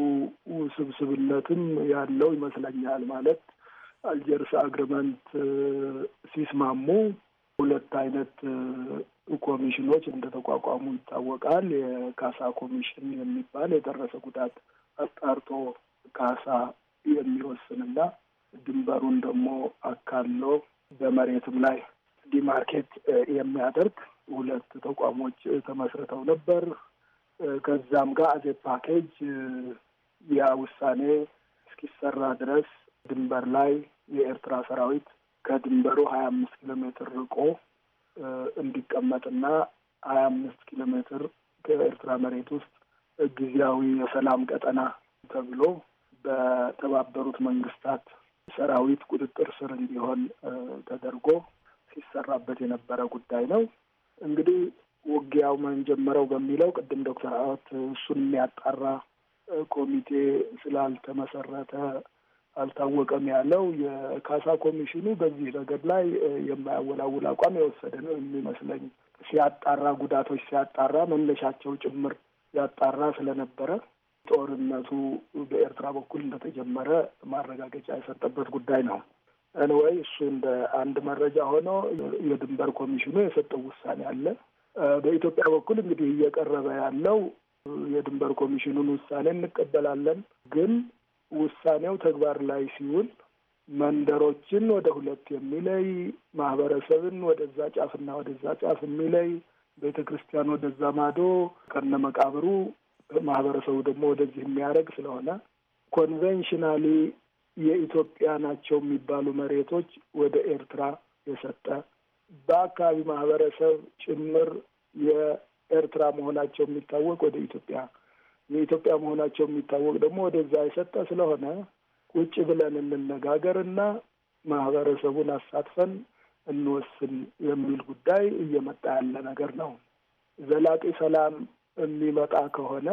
ውስብስብነትም ያለው ይመስለኛል። ማለት አልጀርስ አግሪመንት ሲስማሙ ሁለት አይነት ኮሚሽኖች እንደተቋቋሙ ይታወቃል። የካሳ ኮሚሽን የሚባል የደረሰ ጉዳት አጣርቶ ካሳ የሚወስንና ድንበሩን ደግሞ አካሎ በመሬትም ላይ ዲማርኬት የሚያደርግ ሁለት ተቋሞች ተመስርተው ነበር። ከዛም ጋር አዜ ፓኬጅ ያ ውሳኔ እስኪሰራ ድረስ ድንበር ላይ የኤርትራ ሰራዊት ከድንበሩ ሀያ አምስት ኪሎ ሜትር ርቆ እንዲቀመጥና ሀያ አምስት ኪሎ ሜትር ከኤርትራ መሬት ውስጥ ጊዜያዊ የሰላም ቀጠና ተብሎ በተባበሩት መንግስታት ሰራዊት ቁጥጥር ስር እንዲሆን ተደርጎ ሲሰራበት የነበረ ጉዳይ ነው። እንግዲህ ውጊያው መን ጀመረው በሚለው ቅድም ዶክተር አወት እሱን የሚያጣራ ኮሚቴ ስላልተመሰረተ አልታወቀም ያለው የካሳ ኮሚሽኑ በዚህ ረገድ ላይ የማያወላውል አቋም የወሰደ ነው የሚመስለኝ። ሲያጣራ ጉዳቶች ሲያጣራ መነሻቸው ጭምር ያጣራ ስለነበረ ጦርነቱ በኤርትራ በኩል እንደተጀመረ ማረጋገጫ የሰጠበት ጉዳይ ነው። እንወይ እሱ እንደ አንድ መረጃ ሆኖ የድንበር ኮሚሽኑ የሰጠው ውሳኔ አለ። በኢትዮጵያ በኩል እንግዲህ እየቀረበ ያለው የድንበር ኮሚሽኑን ውሳኔ እንቀበላለን ግን ውሳኔው ተግባር ላይ ሲውል መንደሮችን ወደ ሁለት የሚለይ ማህበረሰብን ወደዛ ጫፍና ወደዛ ጫፍ የሚለይ ቤተ ክርስቲያን ወደዛ ማዶ ከነ መቃብሩ ማህበረሰቡ ደግሞ ወደዚህ የሚያደርግ ስለሆነ ኮንቬንሽናሊ የኢትዮጵያ ናቸው የሚባሉ መሬቶች ወደ ኤርትራ የሰጠ በአካባቢ ማህበረሰብ ጭምር የኤርትራ መሆናቸው የሚታወቅ ወደ ኢትዮጵያ የኢትዮጵያ መሆናቸው የሚታወቅ ደግሞ ወደዛ የሰጠ ስለሆነ ቁጭ ብለን እንነጋገር እና ማህበረሰቡን አሳትፈን እንወስን የሚል ጉዳይ እየመጣ ያለ ነገር ነው። ዘላቂ ሰላም የሚመጣ ከሆነ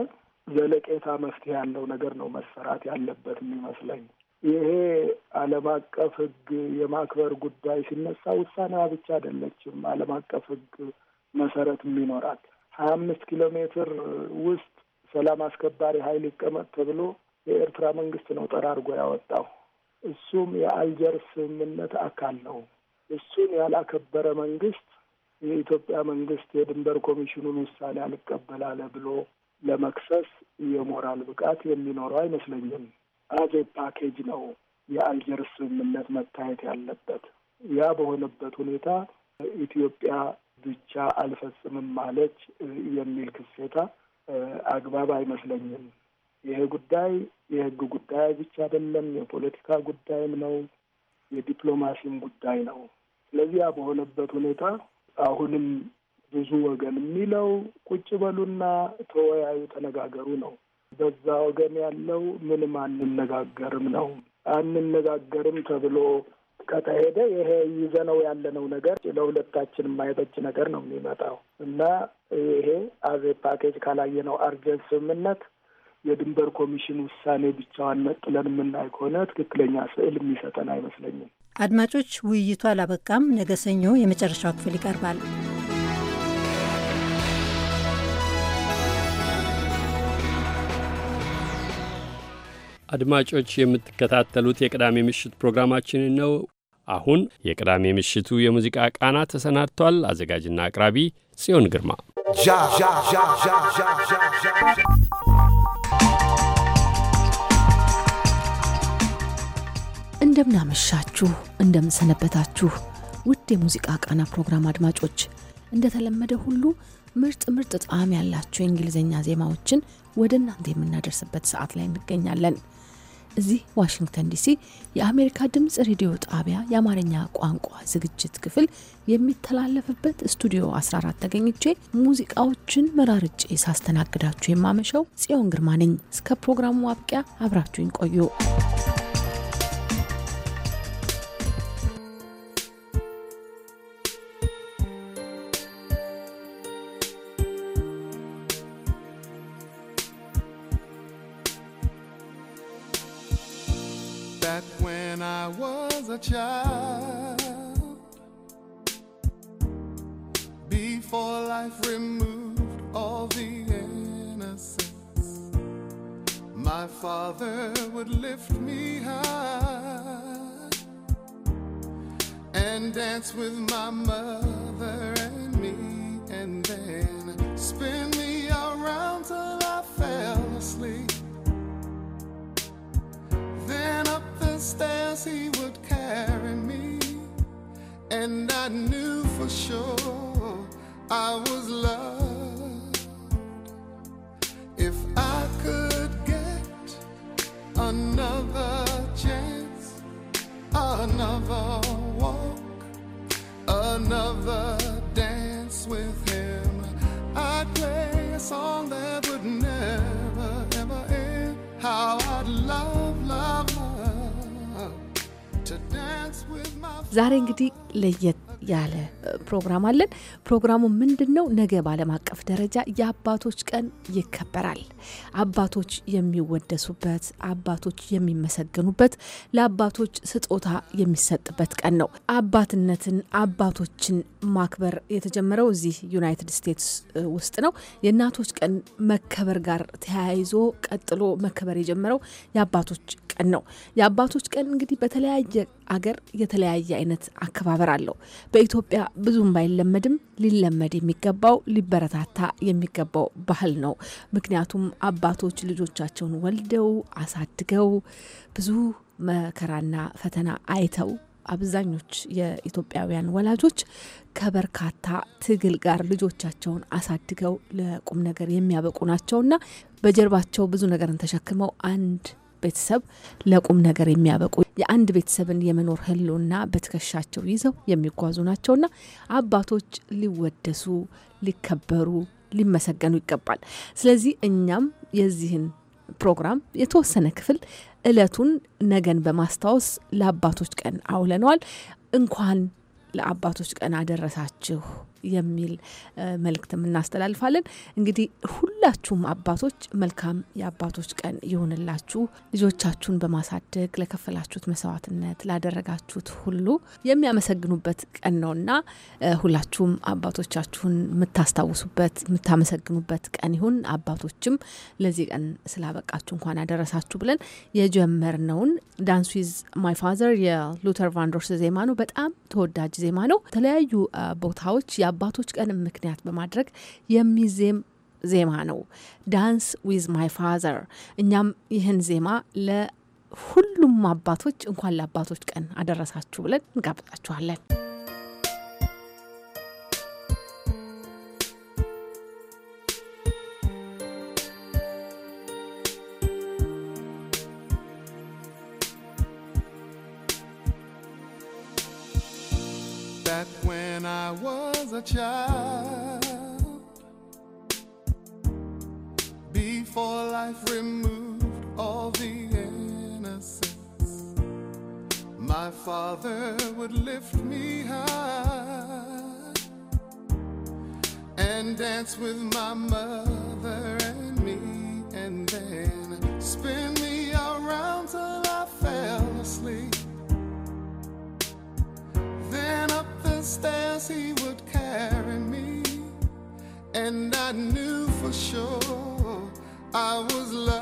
ዘለቄታ መፍትሄ ያለው ነገር ነው መሰራት ያለበት የሚመስለኝ። ይሄ ዓለም አቀፍ ሕግ የማክበር ጉዳይ ሲነሳ ውሳኔዋ ብቻ አይደለችም። ዓለም አቀፍ ሕግ መሰረት የሚኖራት ሀያ አምስት ኪሎ ሜትር ውስጥ ሰላም አስከባሪ ኃይል ይቀመጥ ተብሎ የኤርትራ መንግስት ነው ጠራርጎ ያወጣው። እሱም የአልጀር ስምምነት አካል ነው። እሱን ያላከበረ መንግስት የኢትዮጵያ መንግስት የድንበር ኮሚሽኑን ውሳኔ አልቀበላለ ብሎ ለመክሰስ የሞራል ብቃት የሚኖረው አይመስለኝም። አዜ ፓኬጅ ነው የአልጀር ስምምነት መታየት ያለበት። ያ በሆነበት ሁኔታ ኢትዮጵያ ብቻ አልፈጽምም ማለች የሚል ክሴታ አግባብ አይመስለኝም። ይሄ ጉዳይ የህግ ጉዳይ ብቻ አይደለም፣ የፖለቲካ ጉዳይም ነው፣ የዲፕሎማሲም ጉዳይ ነው። ስለዚህ ያ በሆነበት ሁኔታ አሁንም ብዙ ወገን የሚለው ቁጭ በሉና ተወያዩ፣ ተነጋገሩ ነው። በዛ ወገን ያለው ምንም አንነጋገርም ነው። አንነጋገርም ተብሎ ከተሄደ ይሄ ይዘነው ያለነው ነገር ለሁለታችን የማይበጅ ነገር ነው የሚመጣው እና ይሄ አዜ ፓኬጅ ካላየነው አርጀንት ስምምነት የድንበር ኮሚሽን ውሳኔ ብቻዋን ነጥለን የምናይ ከሆነ ትክክለኛ ስዕል የሚሰጠን አይመስለኝም። አድማጮች፣ ውይይቱ አላበቃም። ነገ ሰኞ የመጨረሻው ክፍል ይቀርባል። አድማጮች የምትከታተሉት የቅዳሜ ምሽት ፕሮግራማችንን ነው። አሁን የቅዳሜ ምሽቱ የሙዚቃ ቃና ተሰናድቷል። አዘጋጅና አቅራቢ ጽዮን ግርማ። እንደምናመሻችሁ፣ እንደምንሰነበታችሁ ውድ የሙዚቃ ቃና ፕሮግራም አድማጮች እንደተለመደ ሁሉ ምርጥ ምርጥ ጣዕም ያላቸው የእንግሊዝኛ ዜማዎችን ወደ እናንተ የምናደርስበት ሰዓት ላይ እንገኛለን። እዚህ ዋሽንግተን ዲሲ የአሜሪካ ድምፅ ሬዲዮ ጣቢያ የአማርኛ ቋንቋ ዝግጅት ክፍል የሚተላለፍበት ስቱዲዮ 14 ተገኝቼ ሙዚቃዎችን መራርጬ ሳስተናግዳችሁ የማመሸው ጽዮን ግርማ ነኝ። እስከ ፕሮግራሙ አብቂያ አብራችሁኝ ቆዩ። I was a child before life removed all the innocence. My father would lift me high and dance with my mother and me, and then spin me around till I fell asleep. Then the stairs he would carry me, and I knew for sure I was loved. If I could get another chance, another walk, another dance with him, I'd play a song that. ዛሬ እንግዲህ ለየት ያለ ፕሮግራም አለን። ፕሮግራሙ ምንድን ነው? ነገ በዓለም አቀፍ ደረጃ የአባቶች ቀን ይከበራል። አባቶች የሚወደሱበት፣ አባቶች የሚመሰገኑበት፣ ለአባቶች ስጦታ የሚሰጥበት ቀን ነው። አባትነትን፣ አባቶችን ማክበር የተጀመረው እዚህ ዩናይትድ ስቴትስ ውስጥ ነው። የእናቶች ቀን መከበር ጋር ተያይዞ ቀጥሎ መከበር የጀመረው የአባቶች ቀን ነው። የአባቶች ቀን እንግዲህ በተለያየ አገር የተለያየ አይነት አከባበር አለው። በኢትዮጵያ ብዙም ባይለመድም ሊለመድ የሚገባው ሊበረታታ የሚገባው ባህል ነው። ምክንያቱም አባቶች ልጆቻቸውን ወልደው አሳድገው ብዙ መከራና ፈተና አይተው አብዛኞች የኢትዮጵያውያን ወላጆች ከበርካታ ትግል ጋር ልጆቻቸውን አሳድገው ለቁም ነገር የሚያበቁ ናቸውና በጀርባቸው ብዙ ነገርን ተሸክመው አንድ ቤተሰብ ለቁም ነገር የሚያበቁ የአንድ ቤተሰብን የመኖር ህልውና በትከሻቸው ይዘው የሚጓዙ ናቸውና አባቶች ሊወደሱ፣ ሊከበሩ፣ ሊመሰገኑ ይገባል። ስለዚህ እኛም የዚህን ፕሮግራም የተወሰነ ክፍል እለቱን ነገን በማስታወስ ለአባቶች ቀን አውለነዋል። እንኳን ለአባቶች ቀን አደረሳችሁ የሚል መልእክትም እናስተላልፋለን። እንግዲህ ሁላችሁም አባቶች መልካም የአባቶች ቀን ይሁንላችሁ። ልጆቻችሁን በማሳደግ ለከፈላችሁት መስዋዕትነት፣ ላደረጋችሁት ሁሉ የሚያመሰግኑበት ቀን ነውና ሁላችሁም አባቶቻችሁን የምታስታውሱበት፣ የምታመሰግኑበት ቀን ይሁን። አባቶችም ለዚህ ቀን ስላበቃችሁ እንኳን አደረሳችሁ ብለን የጀመርነውን ዳንስ ዊዝ ማይ ፋዘር የሉተር ቫንዶርስ ዜማ ነው። በጣም ተወዳጅ ዜማ ነው። የተለያዩ ቦታዎች የአባቶች ቀንም ምክንያት በማድረግ የሚዜም ዜማ ነው። ዳንስ ዊዝ ማይ ፋዘር። እኛም ይህን ዜማ ለሁሉም አባቶች እንኳን ለአባቶች ቀን አደረሳችሁ ብለን እንጋብዛችኋለን። dance with my mother and me, and then spin me around till I fell asleep. Then up the stairs he would carry me, and I knew for sure I was loved.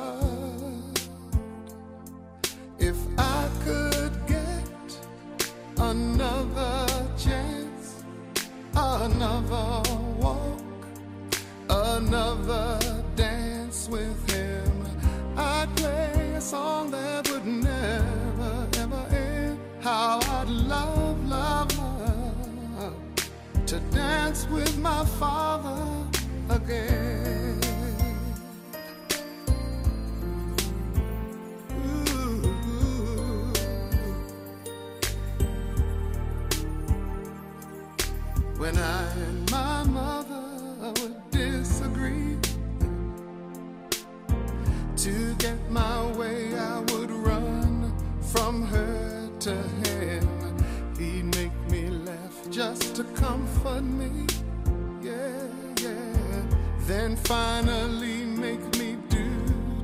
finally make me do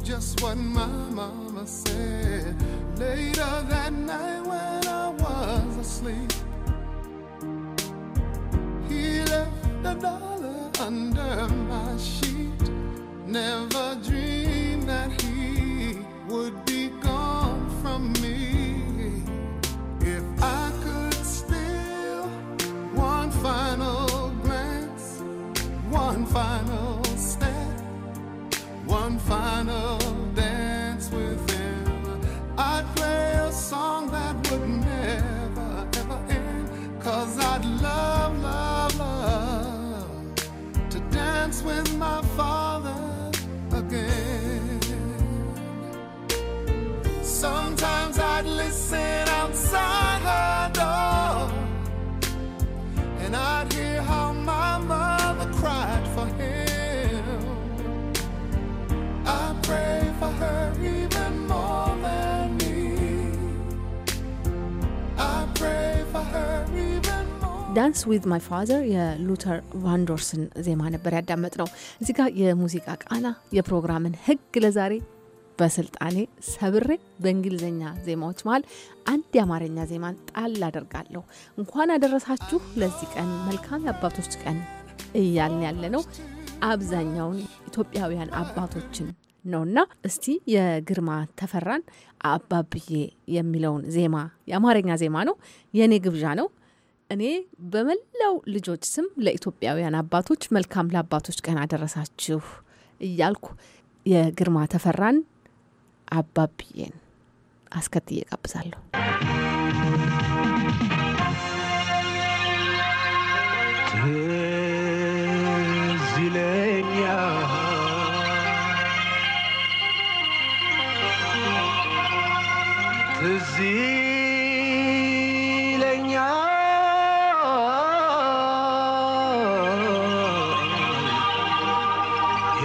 just what my mama said. Later that night when I was asleep, he left a dollar under my sheet. Never ዳንስ ዊዝ ማይ ፋዘር የሉተር ቫንዶርስን ዜማ ነበር ያዳመጥ ነው። እዚህ ጋር የሙዚቃ ቃና የፕሮግራምን ህግ ለዛሬ በስልጣኔ ሰብሬ በእንግሊዝኛ ዜማዎች መሀል አንድ የአማርኛ ዜማን ጣል አደርጋለሁ። እንኳን ያደረሳችሁ ለዚህ ቀን መልካም የአባቶች ቀን እያልን ያለ ነው። አብዛኛውን ኢትዮጵያውያን አባቶችን ነውና እስቲ የግርማ ተፈራን አባብዬ የሚለውን ዜማ የአማርኛ ዜማ ነው፣ የእኔ ግብዣ ነው። እኔ በመላው ልጆች ስም ለኢትዮጵያውያን አባቶች መልካም ለአባቶች ቀን አደረሳችሁ እያልኩ የግርማ ተፈራን አባብዬን አስከትዬ ጋብዛለሁ። ዚለኛ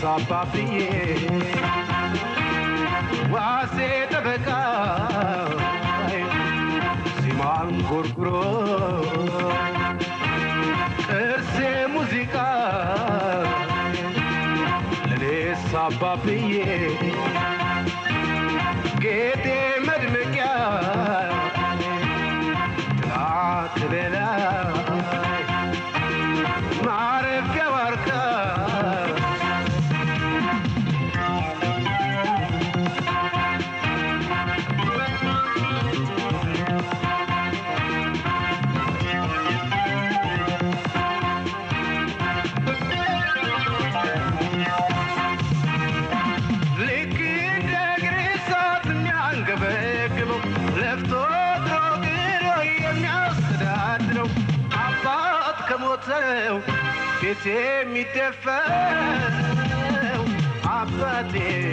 ሳባብዬ ዋሴ ጠበቃ ሲማን ጎርጉሮ ጥርሴ ሙዚቃ ለኔ ሳባብዬ se mi te fău apate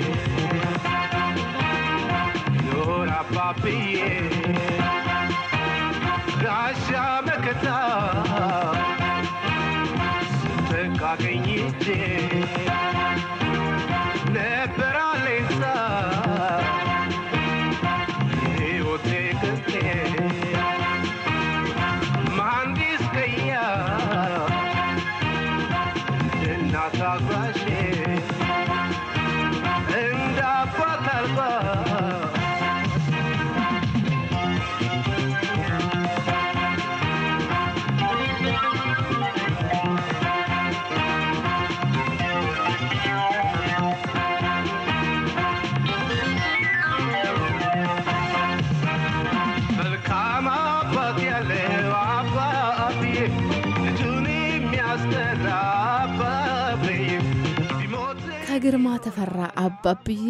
Dora papie Gașa mea căta Sunt ca găinite Nebera lensa ተፈራ አባብዬ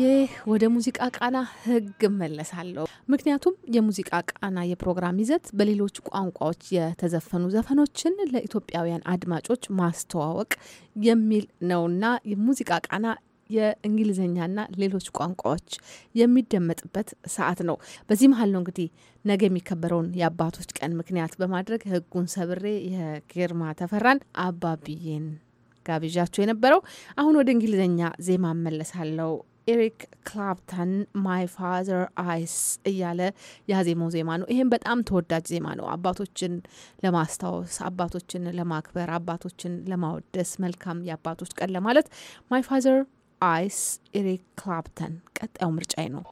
ወደ ሙዚቃ ቃና ህግ መለሳለሁ። ምክንያቱም የሙዚቃ ቃና የፕሮግራም ይዘት በሌሎች ቋንቋዎች የተዘፈኑ ዘፈኖችን ለኢትዮጵያውያን አድማጮች ማስተዋወቅ የሚል ነውና የሙዚቃ ቃና የእንግሊዝኛና ሌሎች ቋንቋዎች የሚደመጥበት ሰዓት ነው። በዚህ መሀል ነው እንግዲህ ነገ የሚከበረውን የአባቶች ቀን ምክንያት በማድረግ ህጉን ሰብሬ የግርማ ተፈራን አባብዬን ጋብዣችሁ የነበረው። አሁን ወደ እንግሊዝኛ ዜማ መለሳለው። ኤሪክ ክላፕተን ማይ ፋዘር አይስ እያለ ያዜመው ዜማ ነው። ይህም በጣም ተወዳጅ ዜማ ነው። አባቶችን ለማስታወስ፣ አባቶችን ለማክበር፣ አባቶችን ለማወደስ መልካም የአባቶች ቀን ለማለት ማይ ፋዘር አይስ ኤሪክ ክላፕተን ቀጣዩ ምርጫዬ ነው።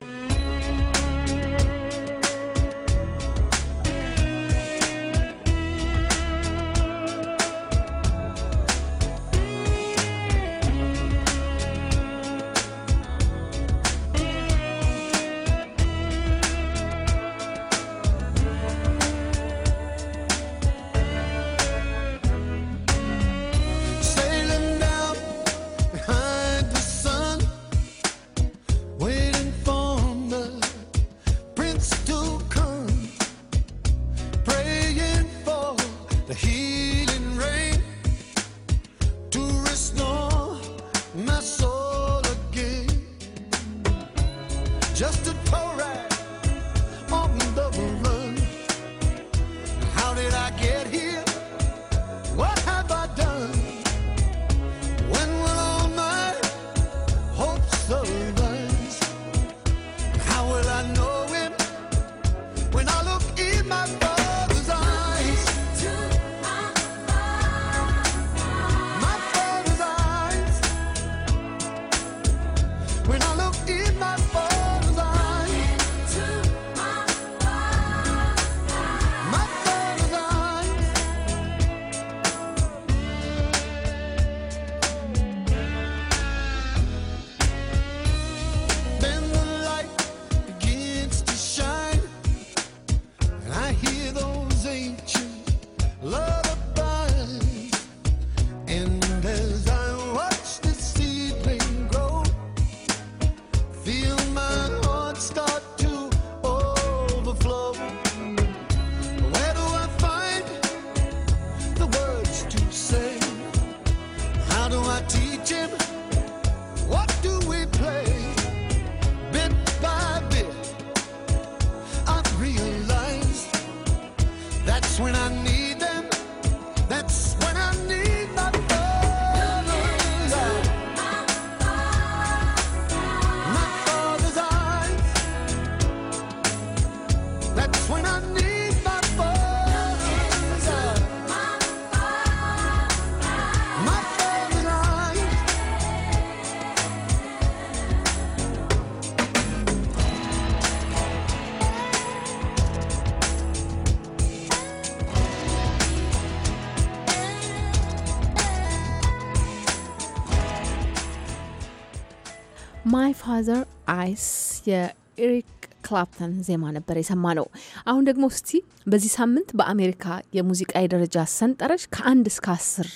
ማይ ፋዘር አይስ የኤሪክ ክላፕተን ዜማ ነበር የሰማ ነው። አሁን ደግሞ እስቲ በዚህ ሳምንት በአሜሪካ የሙዚቃ የደረጃ ሰንጠረዥ ከአንድ እስከ አስር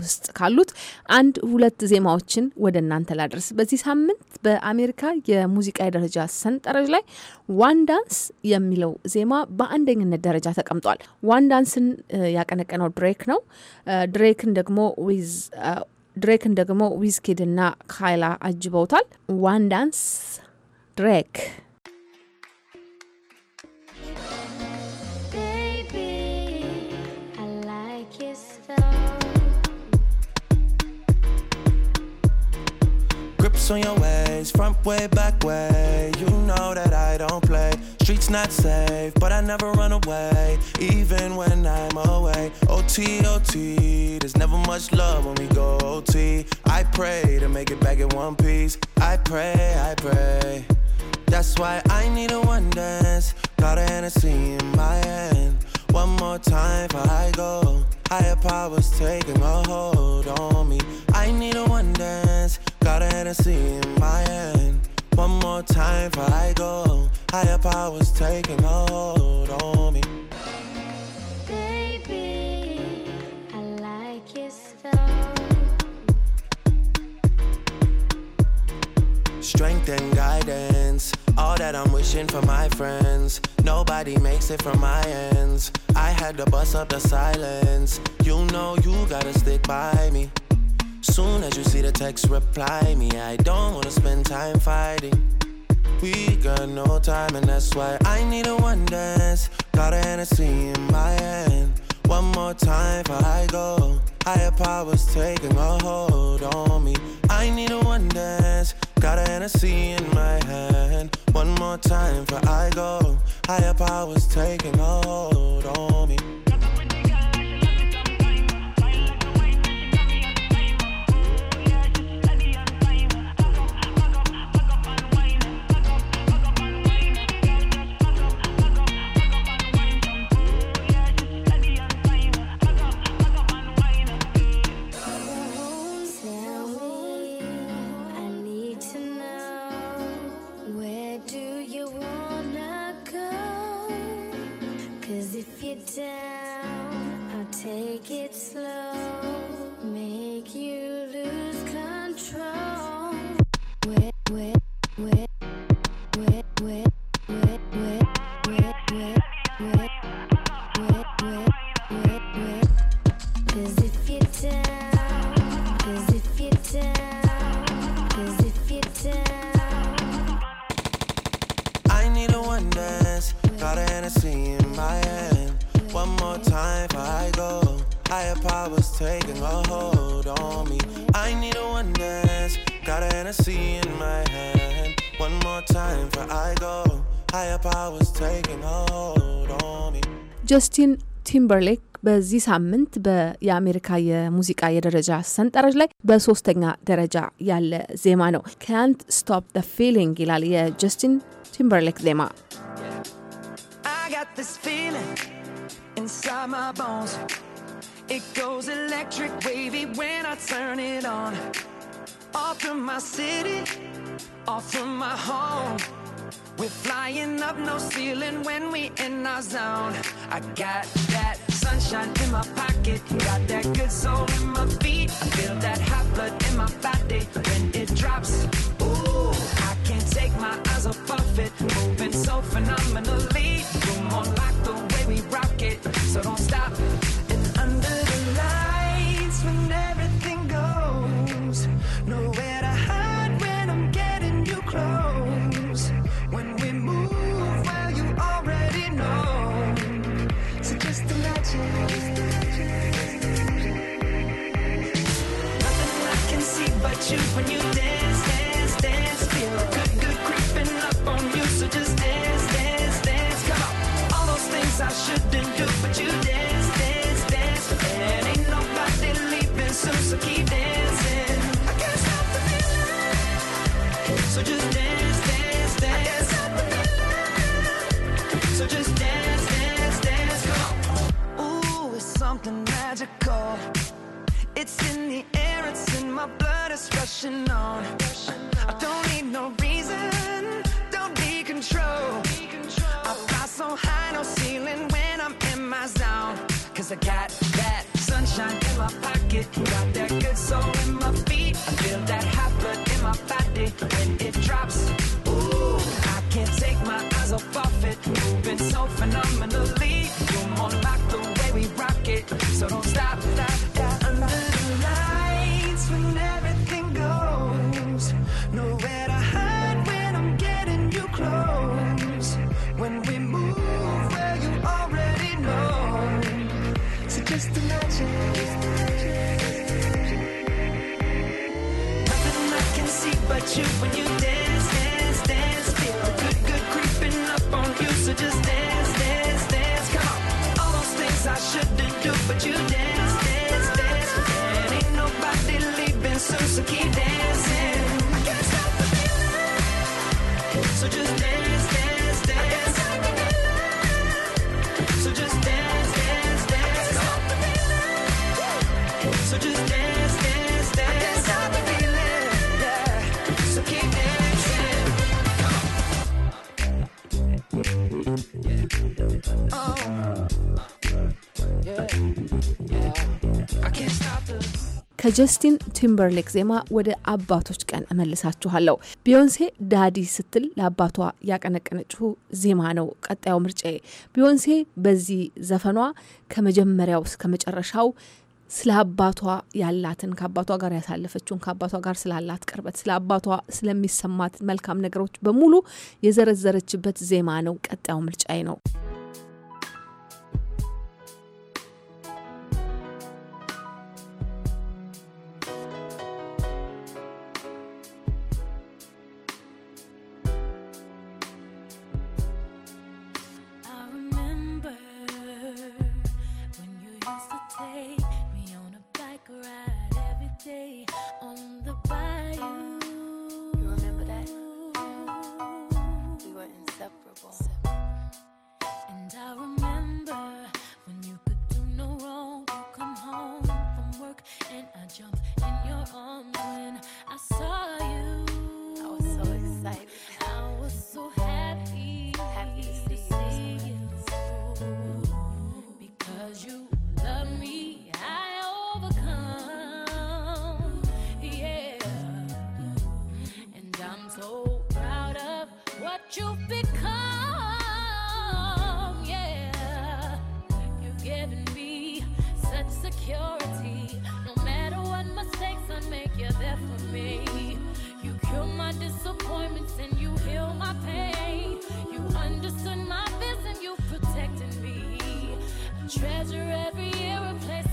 ውስጥ ካሉት አንድ ሁለት ዜማዎችን ወደ እናንተ ላድርስ። በዚህ ሳምንት በአሜሪካ የሙዚቃ የደረጃ ሰንጠረዥ ላይ ዋን ዳንስ የሚለው ዜማ በአንደኝነት ደረጃ ተቀምጧል። ዋን ዳንስን ያቀነቀነው ድሬክ ነው። ድሬክን ደግሞ ዊዝ ድሬክን ደግሞ ዊዝኪድ እና ካይላ አጅበውታል። ዋን ዳንስ ድሬክ Grips on your ways, front way, back way. You know that I don't play. Streets not safe, but I never run away, even when I'm away. OT, OT, there's never much love when we go OT. I pray to make it back in one piece. I pray, I pray. That's why I need a one dance. Got a Hennessy in my hand. One more time I go. Higher powers taking a hold on me. I need a one dance. Got a Hennessy in my hand one more time for I go. Higher powers taking hold on me. Baby, I like you so. Strength and guidance, all that I'm wishing for my friends. Nobody makes it from my ends. I had to bust up the silence. You know you gotta stick by me. Soon as you see the text, reply me. I don't wanna spend time fighting. We got no time, and that's why I need a one dance. Got a Hennessy in my hand. One more time before I go. Higher powers taking a hold on me. I need a one dance. Got a Hennessy in my hand. One more time before I go. Higher powers taking a hold on me. ቲምበርሌክ በዚህ ሳምንት የአሜሪካ የሙዚቃ የደረጃ ሰንጠረዥ ላይ በሶስተኛ ደረጃ ያለ ዜማ ነው። ካንት ስቶፕ ደ ፊሊንግ ይላል የጀስቲን ቲምበርሌክ ዜማ። Off from my city, off from my home. We're flying up no ceiling when we in our zone. I got that sunshine in my pocket, got that good soul in my feet. I feel that hot blood in my body when it drops. Ooh, I can't take my eyes off of it, moving so phenomenal. so, so keep dancing. I can't stop the feeling. So just dance. ከጀስቲን ቲምበርሌክ ዜማ ወደ አባቶች ቀን እመልሳችኋለሁ። ቢዮንሴ ዳዲ ስትል ለአባቷ ያቀነቀነችው ዜማ ነው ቀጣዩ ምርጬ። ቢዮንሴ በዚህ ዘፈኗ ከመጀመሪያው እስከ መጨረሻው ስለ አባቷ ያላትን ከአባቷ ጋር ያሳለፈችውን ከአባቷ ጋር ስላላት ቅርበት ስለ አባቷ ስለሚሰማት መልካም ነገሮች በሙሉ የዘረዘረችበት ዜማ ነው ቀጣዩ ምርጫዬ ነው። day on the bayou. You remember that? We were inseparable. And I remember when you could do no wrong. You come home from work and I jump in your arms when I saw you. what you've become. Yeah, you've given me such security. No matter what mistakes I make, you're there for me. You cure my disappointments and you heal my pain. You my you me. treasure every year and place.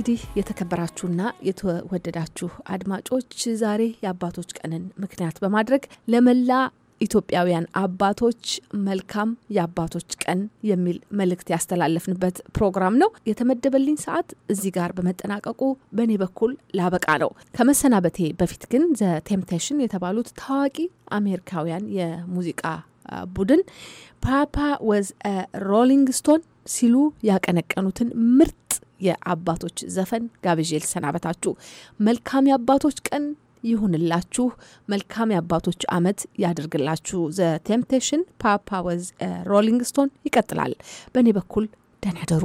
እንግዲህ የተከበራችሁና የተወደዳችሁ አድማጮች ዛሬ የአባቶች ቀንን ምክንያት በማድረግ ለመላ ኢትዮጵያውያን አባቶች መልካም የአባቶች ቀን የሚል መልእክት ያስተላለፍንበት ፕሮግራም ነው። የተመደበልኝ ሰዓት እዚህ ጋር በመጠናቀቁ በእኔ በኩል ላበቃ ነው። ከመሰናበቴ በፊት ግን ዘ ቴምፕቴሽን የተባሉት ታዋቂ አሜሪካውያን የሙዚቃ ቡድን ፓፓ ወዝ ሮሊንግ ስቶን ሲሉ ያቀነቀኑትን ምርጥ የአባቶች ዘፈን ጋብዤ ልሰናበታችሁ። መልካም የአባቶች ቀን ይሁንላችሁ። መልካም የአባቶች አመት ያደርግላችሁ። ዘ ቴምፕቴሽን ፓፓ ወዝ ሮሊንግ ስቶን ይቀጥላል። በእኔ በኩል ደህና ደሩ።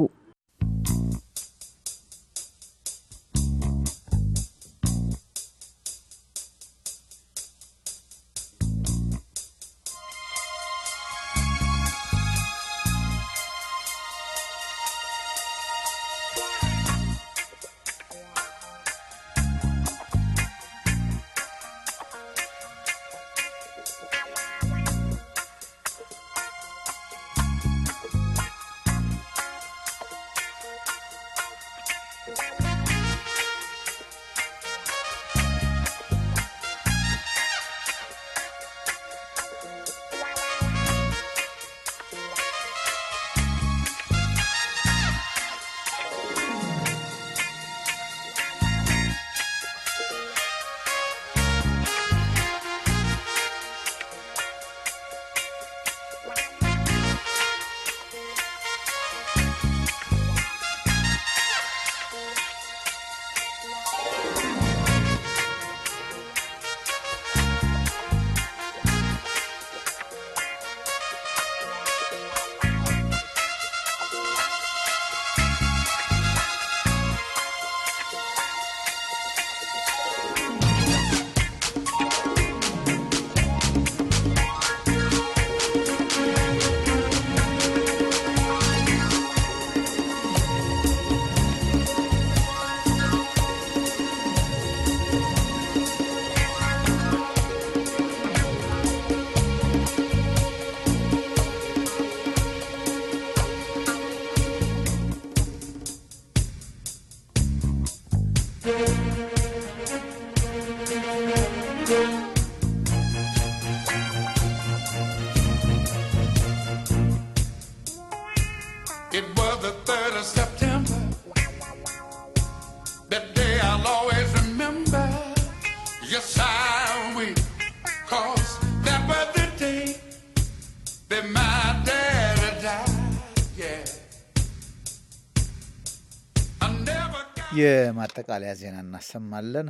ማጠቃለያ ዜና እናሰማለን።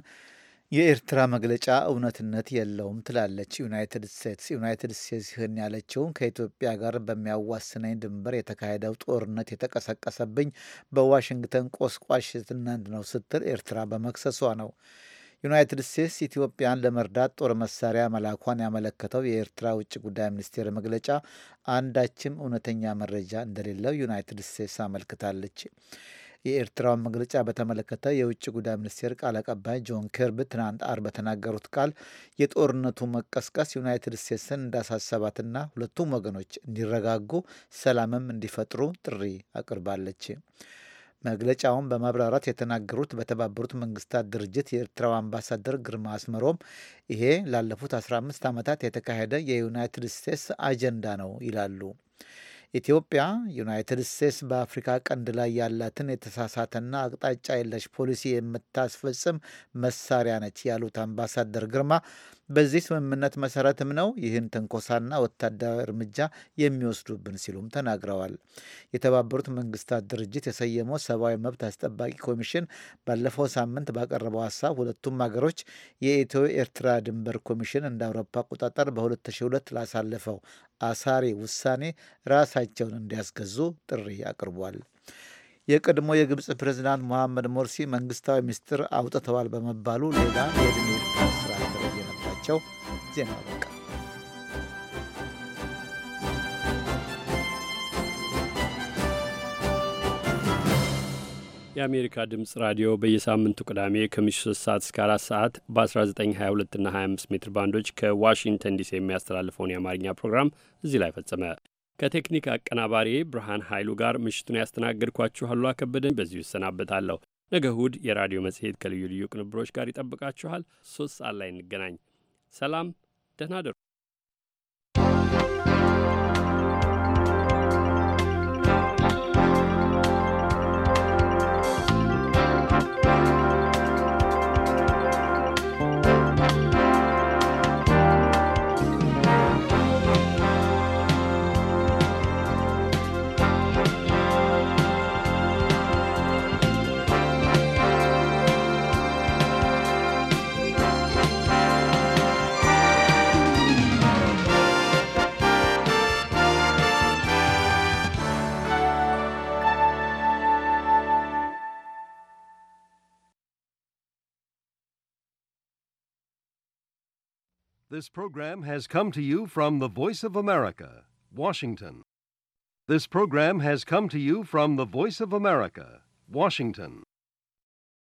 የኤርትራ መግለጫ እውነትነት የለውም ትላለች ዩናይትድ ስቴትስ። ዩናይትድ ስቴትስ ይህን ያለችውን ከኢትዮጵያ ጋር በሚያዋስነኝ ድንበር የተካሄደው ጦርነት የተቀሰቀሰብኝ በዋሽንግተን ቆስቋሽ ትናንት ነው ስትል ኤርትራ በመክሰሷ ነው። ዩናይትድ ስቴትስ ኢትዮጵያን ለመርዳት ጦር መሳሪያ መላኳን ያመለከተው የኤርትራ ውጭ ጉዳይ ሚኒስቴር መግለጫ አንዳችም እውነተኛ መረጃ እንደሌለው ዩናይትድ ስቴትስ አመልክታለች። የኤርትራውን መግለጫ በተመለከተ የውጭ ጉዳይ ሚኒስቴር ቃል አቀባይ ጆን ኬርብ ትናንት አር በተናገሩት ቃል የጦርነቱ መቀስቀስ ዩናይትድ ስቴትስን እንዳሳሰባትና ሁለቱም ወገኖች እንዲረጋጉ ሰላምም እንዲፈጥሩ ጥሪ አቅርባለች። መግለጫውን በማብራራት የተናገሩት በተባበሩት መንግስታት ድርጅት የኤርትራው አምባሳደር ግርማ አስመሮም ይሄ ላለፉት 15 ዓመታት የተካሄደ የዩናይትድ ስቴትስ አጀንዳ ነው ይላሉ። ኢትዮጵያ ዩናይትድ ስቴትስ በአፍሪካ ቀንድ ላይ ያላትን የተሳሳተና አቅጣጫ የለሽ ፖሊሲ የምታስፈጽም መሳሪያ ነች ያሉት አምባሳደር ግርማ በዚህ ስምምነት መሰረትም ነው ይህን ትንኮሳና ወታደራዊ እርምጃ የሚወስዱብን ሲሉም ተናግረዋል። የተባበሩት መንግስታት ድርጅት የሰየመው ሰብአዊ መብት አስጠባቂ ኮሚሽን ባለፈው ሳምንት ባቀረበው ሀሳብ ሁለቱም ሀገሮች የኢትዮ ኤርትራ ድንበር ኮሚሽን እንደ አውሮፓ አቆጣጠር በ2002 ላሳለፈው አሳሪ ውሳኔ ራሳቸውን እንዲያስገዙ ጥሪ አቅርቧል። የቀድሞ የግብፅ ፕሬዚዳንት መሐመድ ሞርሲ መንግስታዊ ሚስጥር አውጥተዋል በመባሉ ሌላ የድሜ ስራ ። ናቸው። ዜና በቃ የአሜሪካ ድምፅ ራዲዮ በየሳምንቱ ቅዳሜ ከምሽቱ 3 ሰዓት እስከ 4 ሰዓት በ1922 እና 25 ሜትር ባንዶች ከዋሽንግተን ዲሲ የሚያስተላልፈውን የአማርኛ ፕሮግራም እዚህ ላይ ፈጸመ። ከቴክኒክ አቀናባሪ ብርሃን ኃይሉ ጋር ምሽቱን ያስተናገድኳችሁ አሉላ ከበደ በዚሁ ይሰናበታለሁ። ነገ እሁድ የራዲዮ መጽሔት ከልዩ ልዩ ቅንብሮች ጋር ይጠብቃችኋል። ሶስት ሰዓት ላይ እንገናኝ። ሰላም፣ ደህና ደሩ። This program has come to you from the Voice of America, Washington. This program has come to you from the Voice of America, Washington.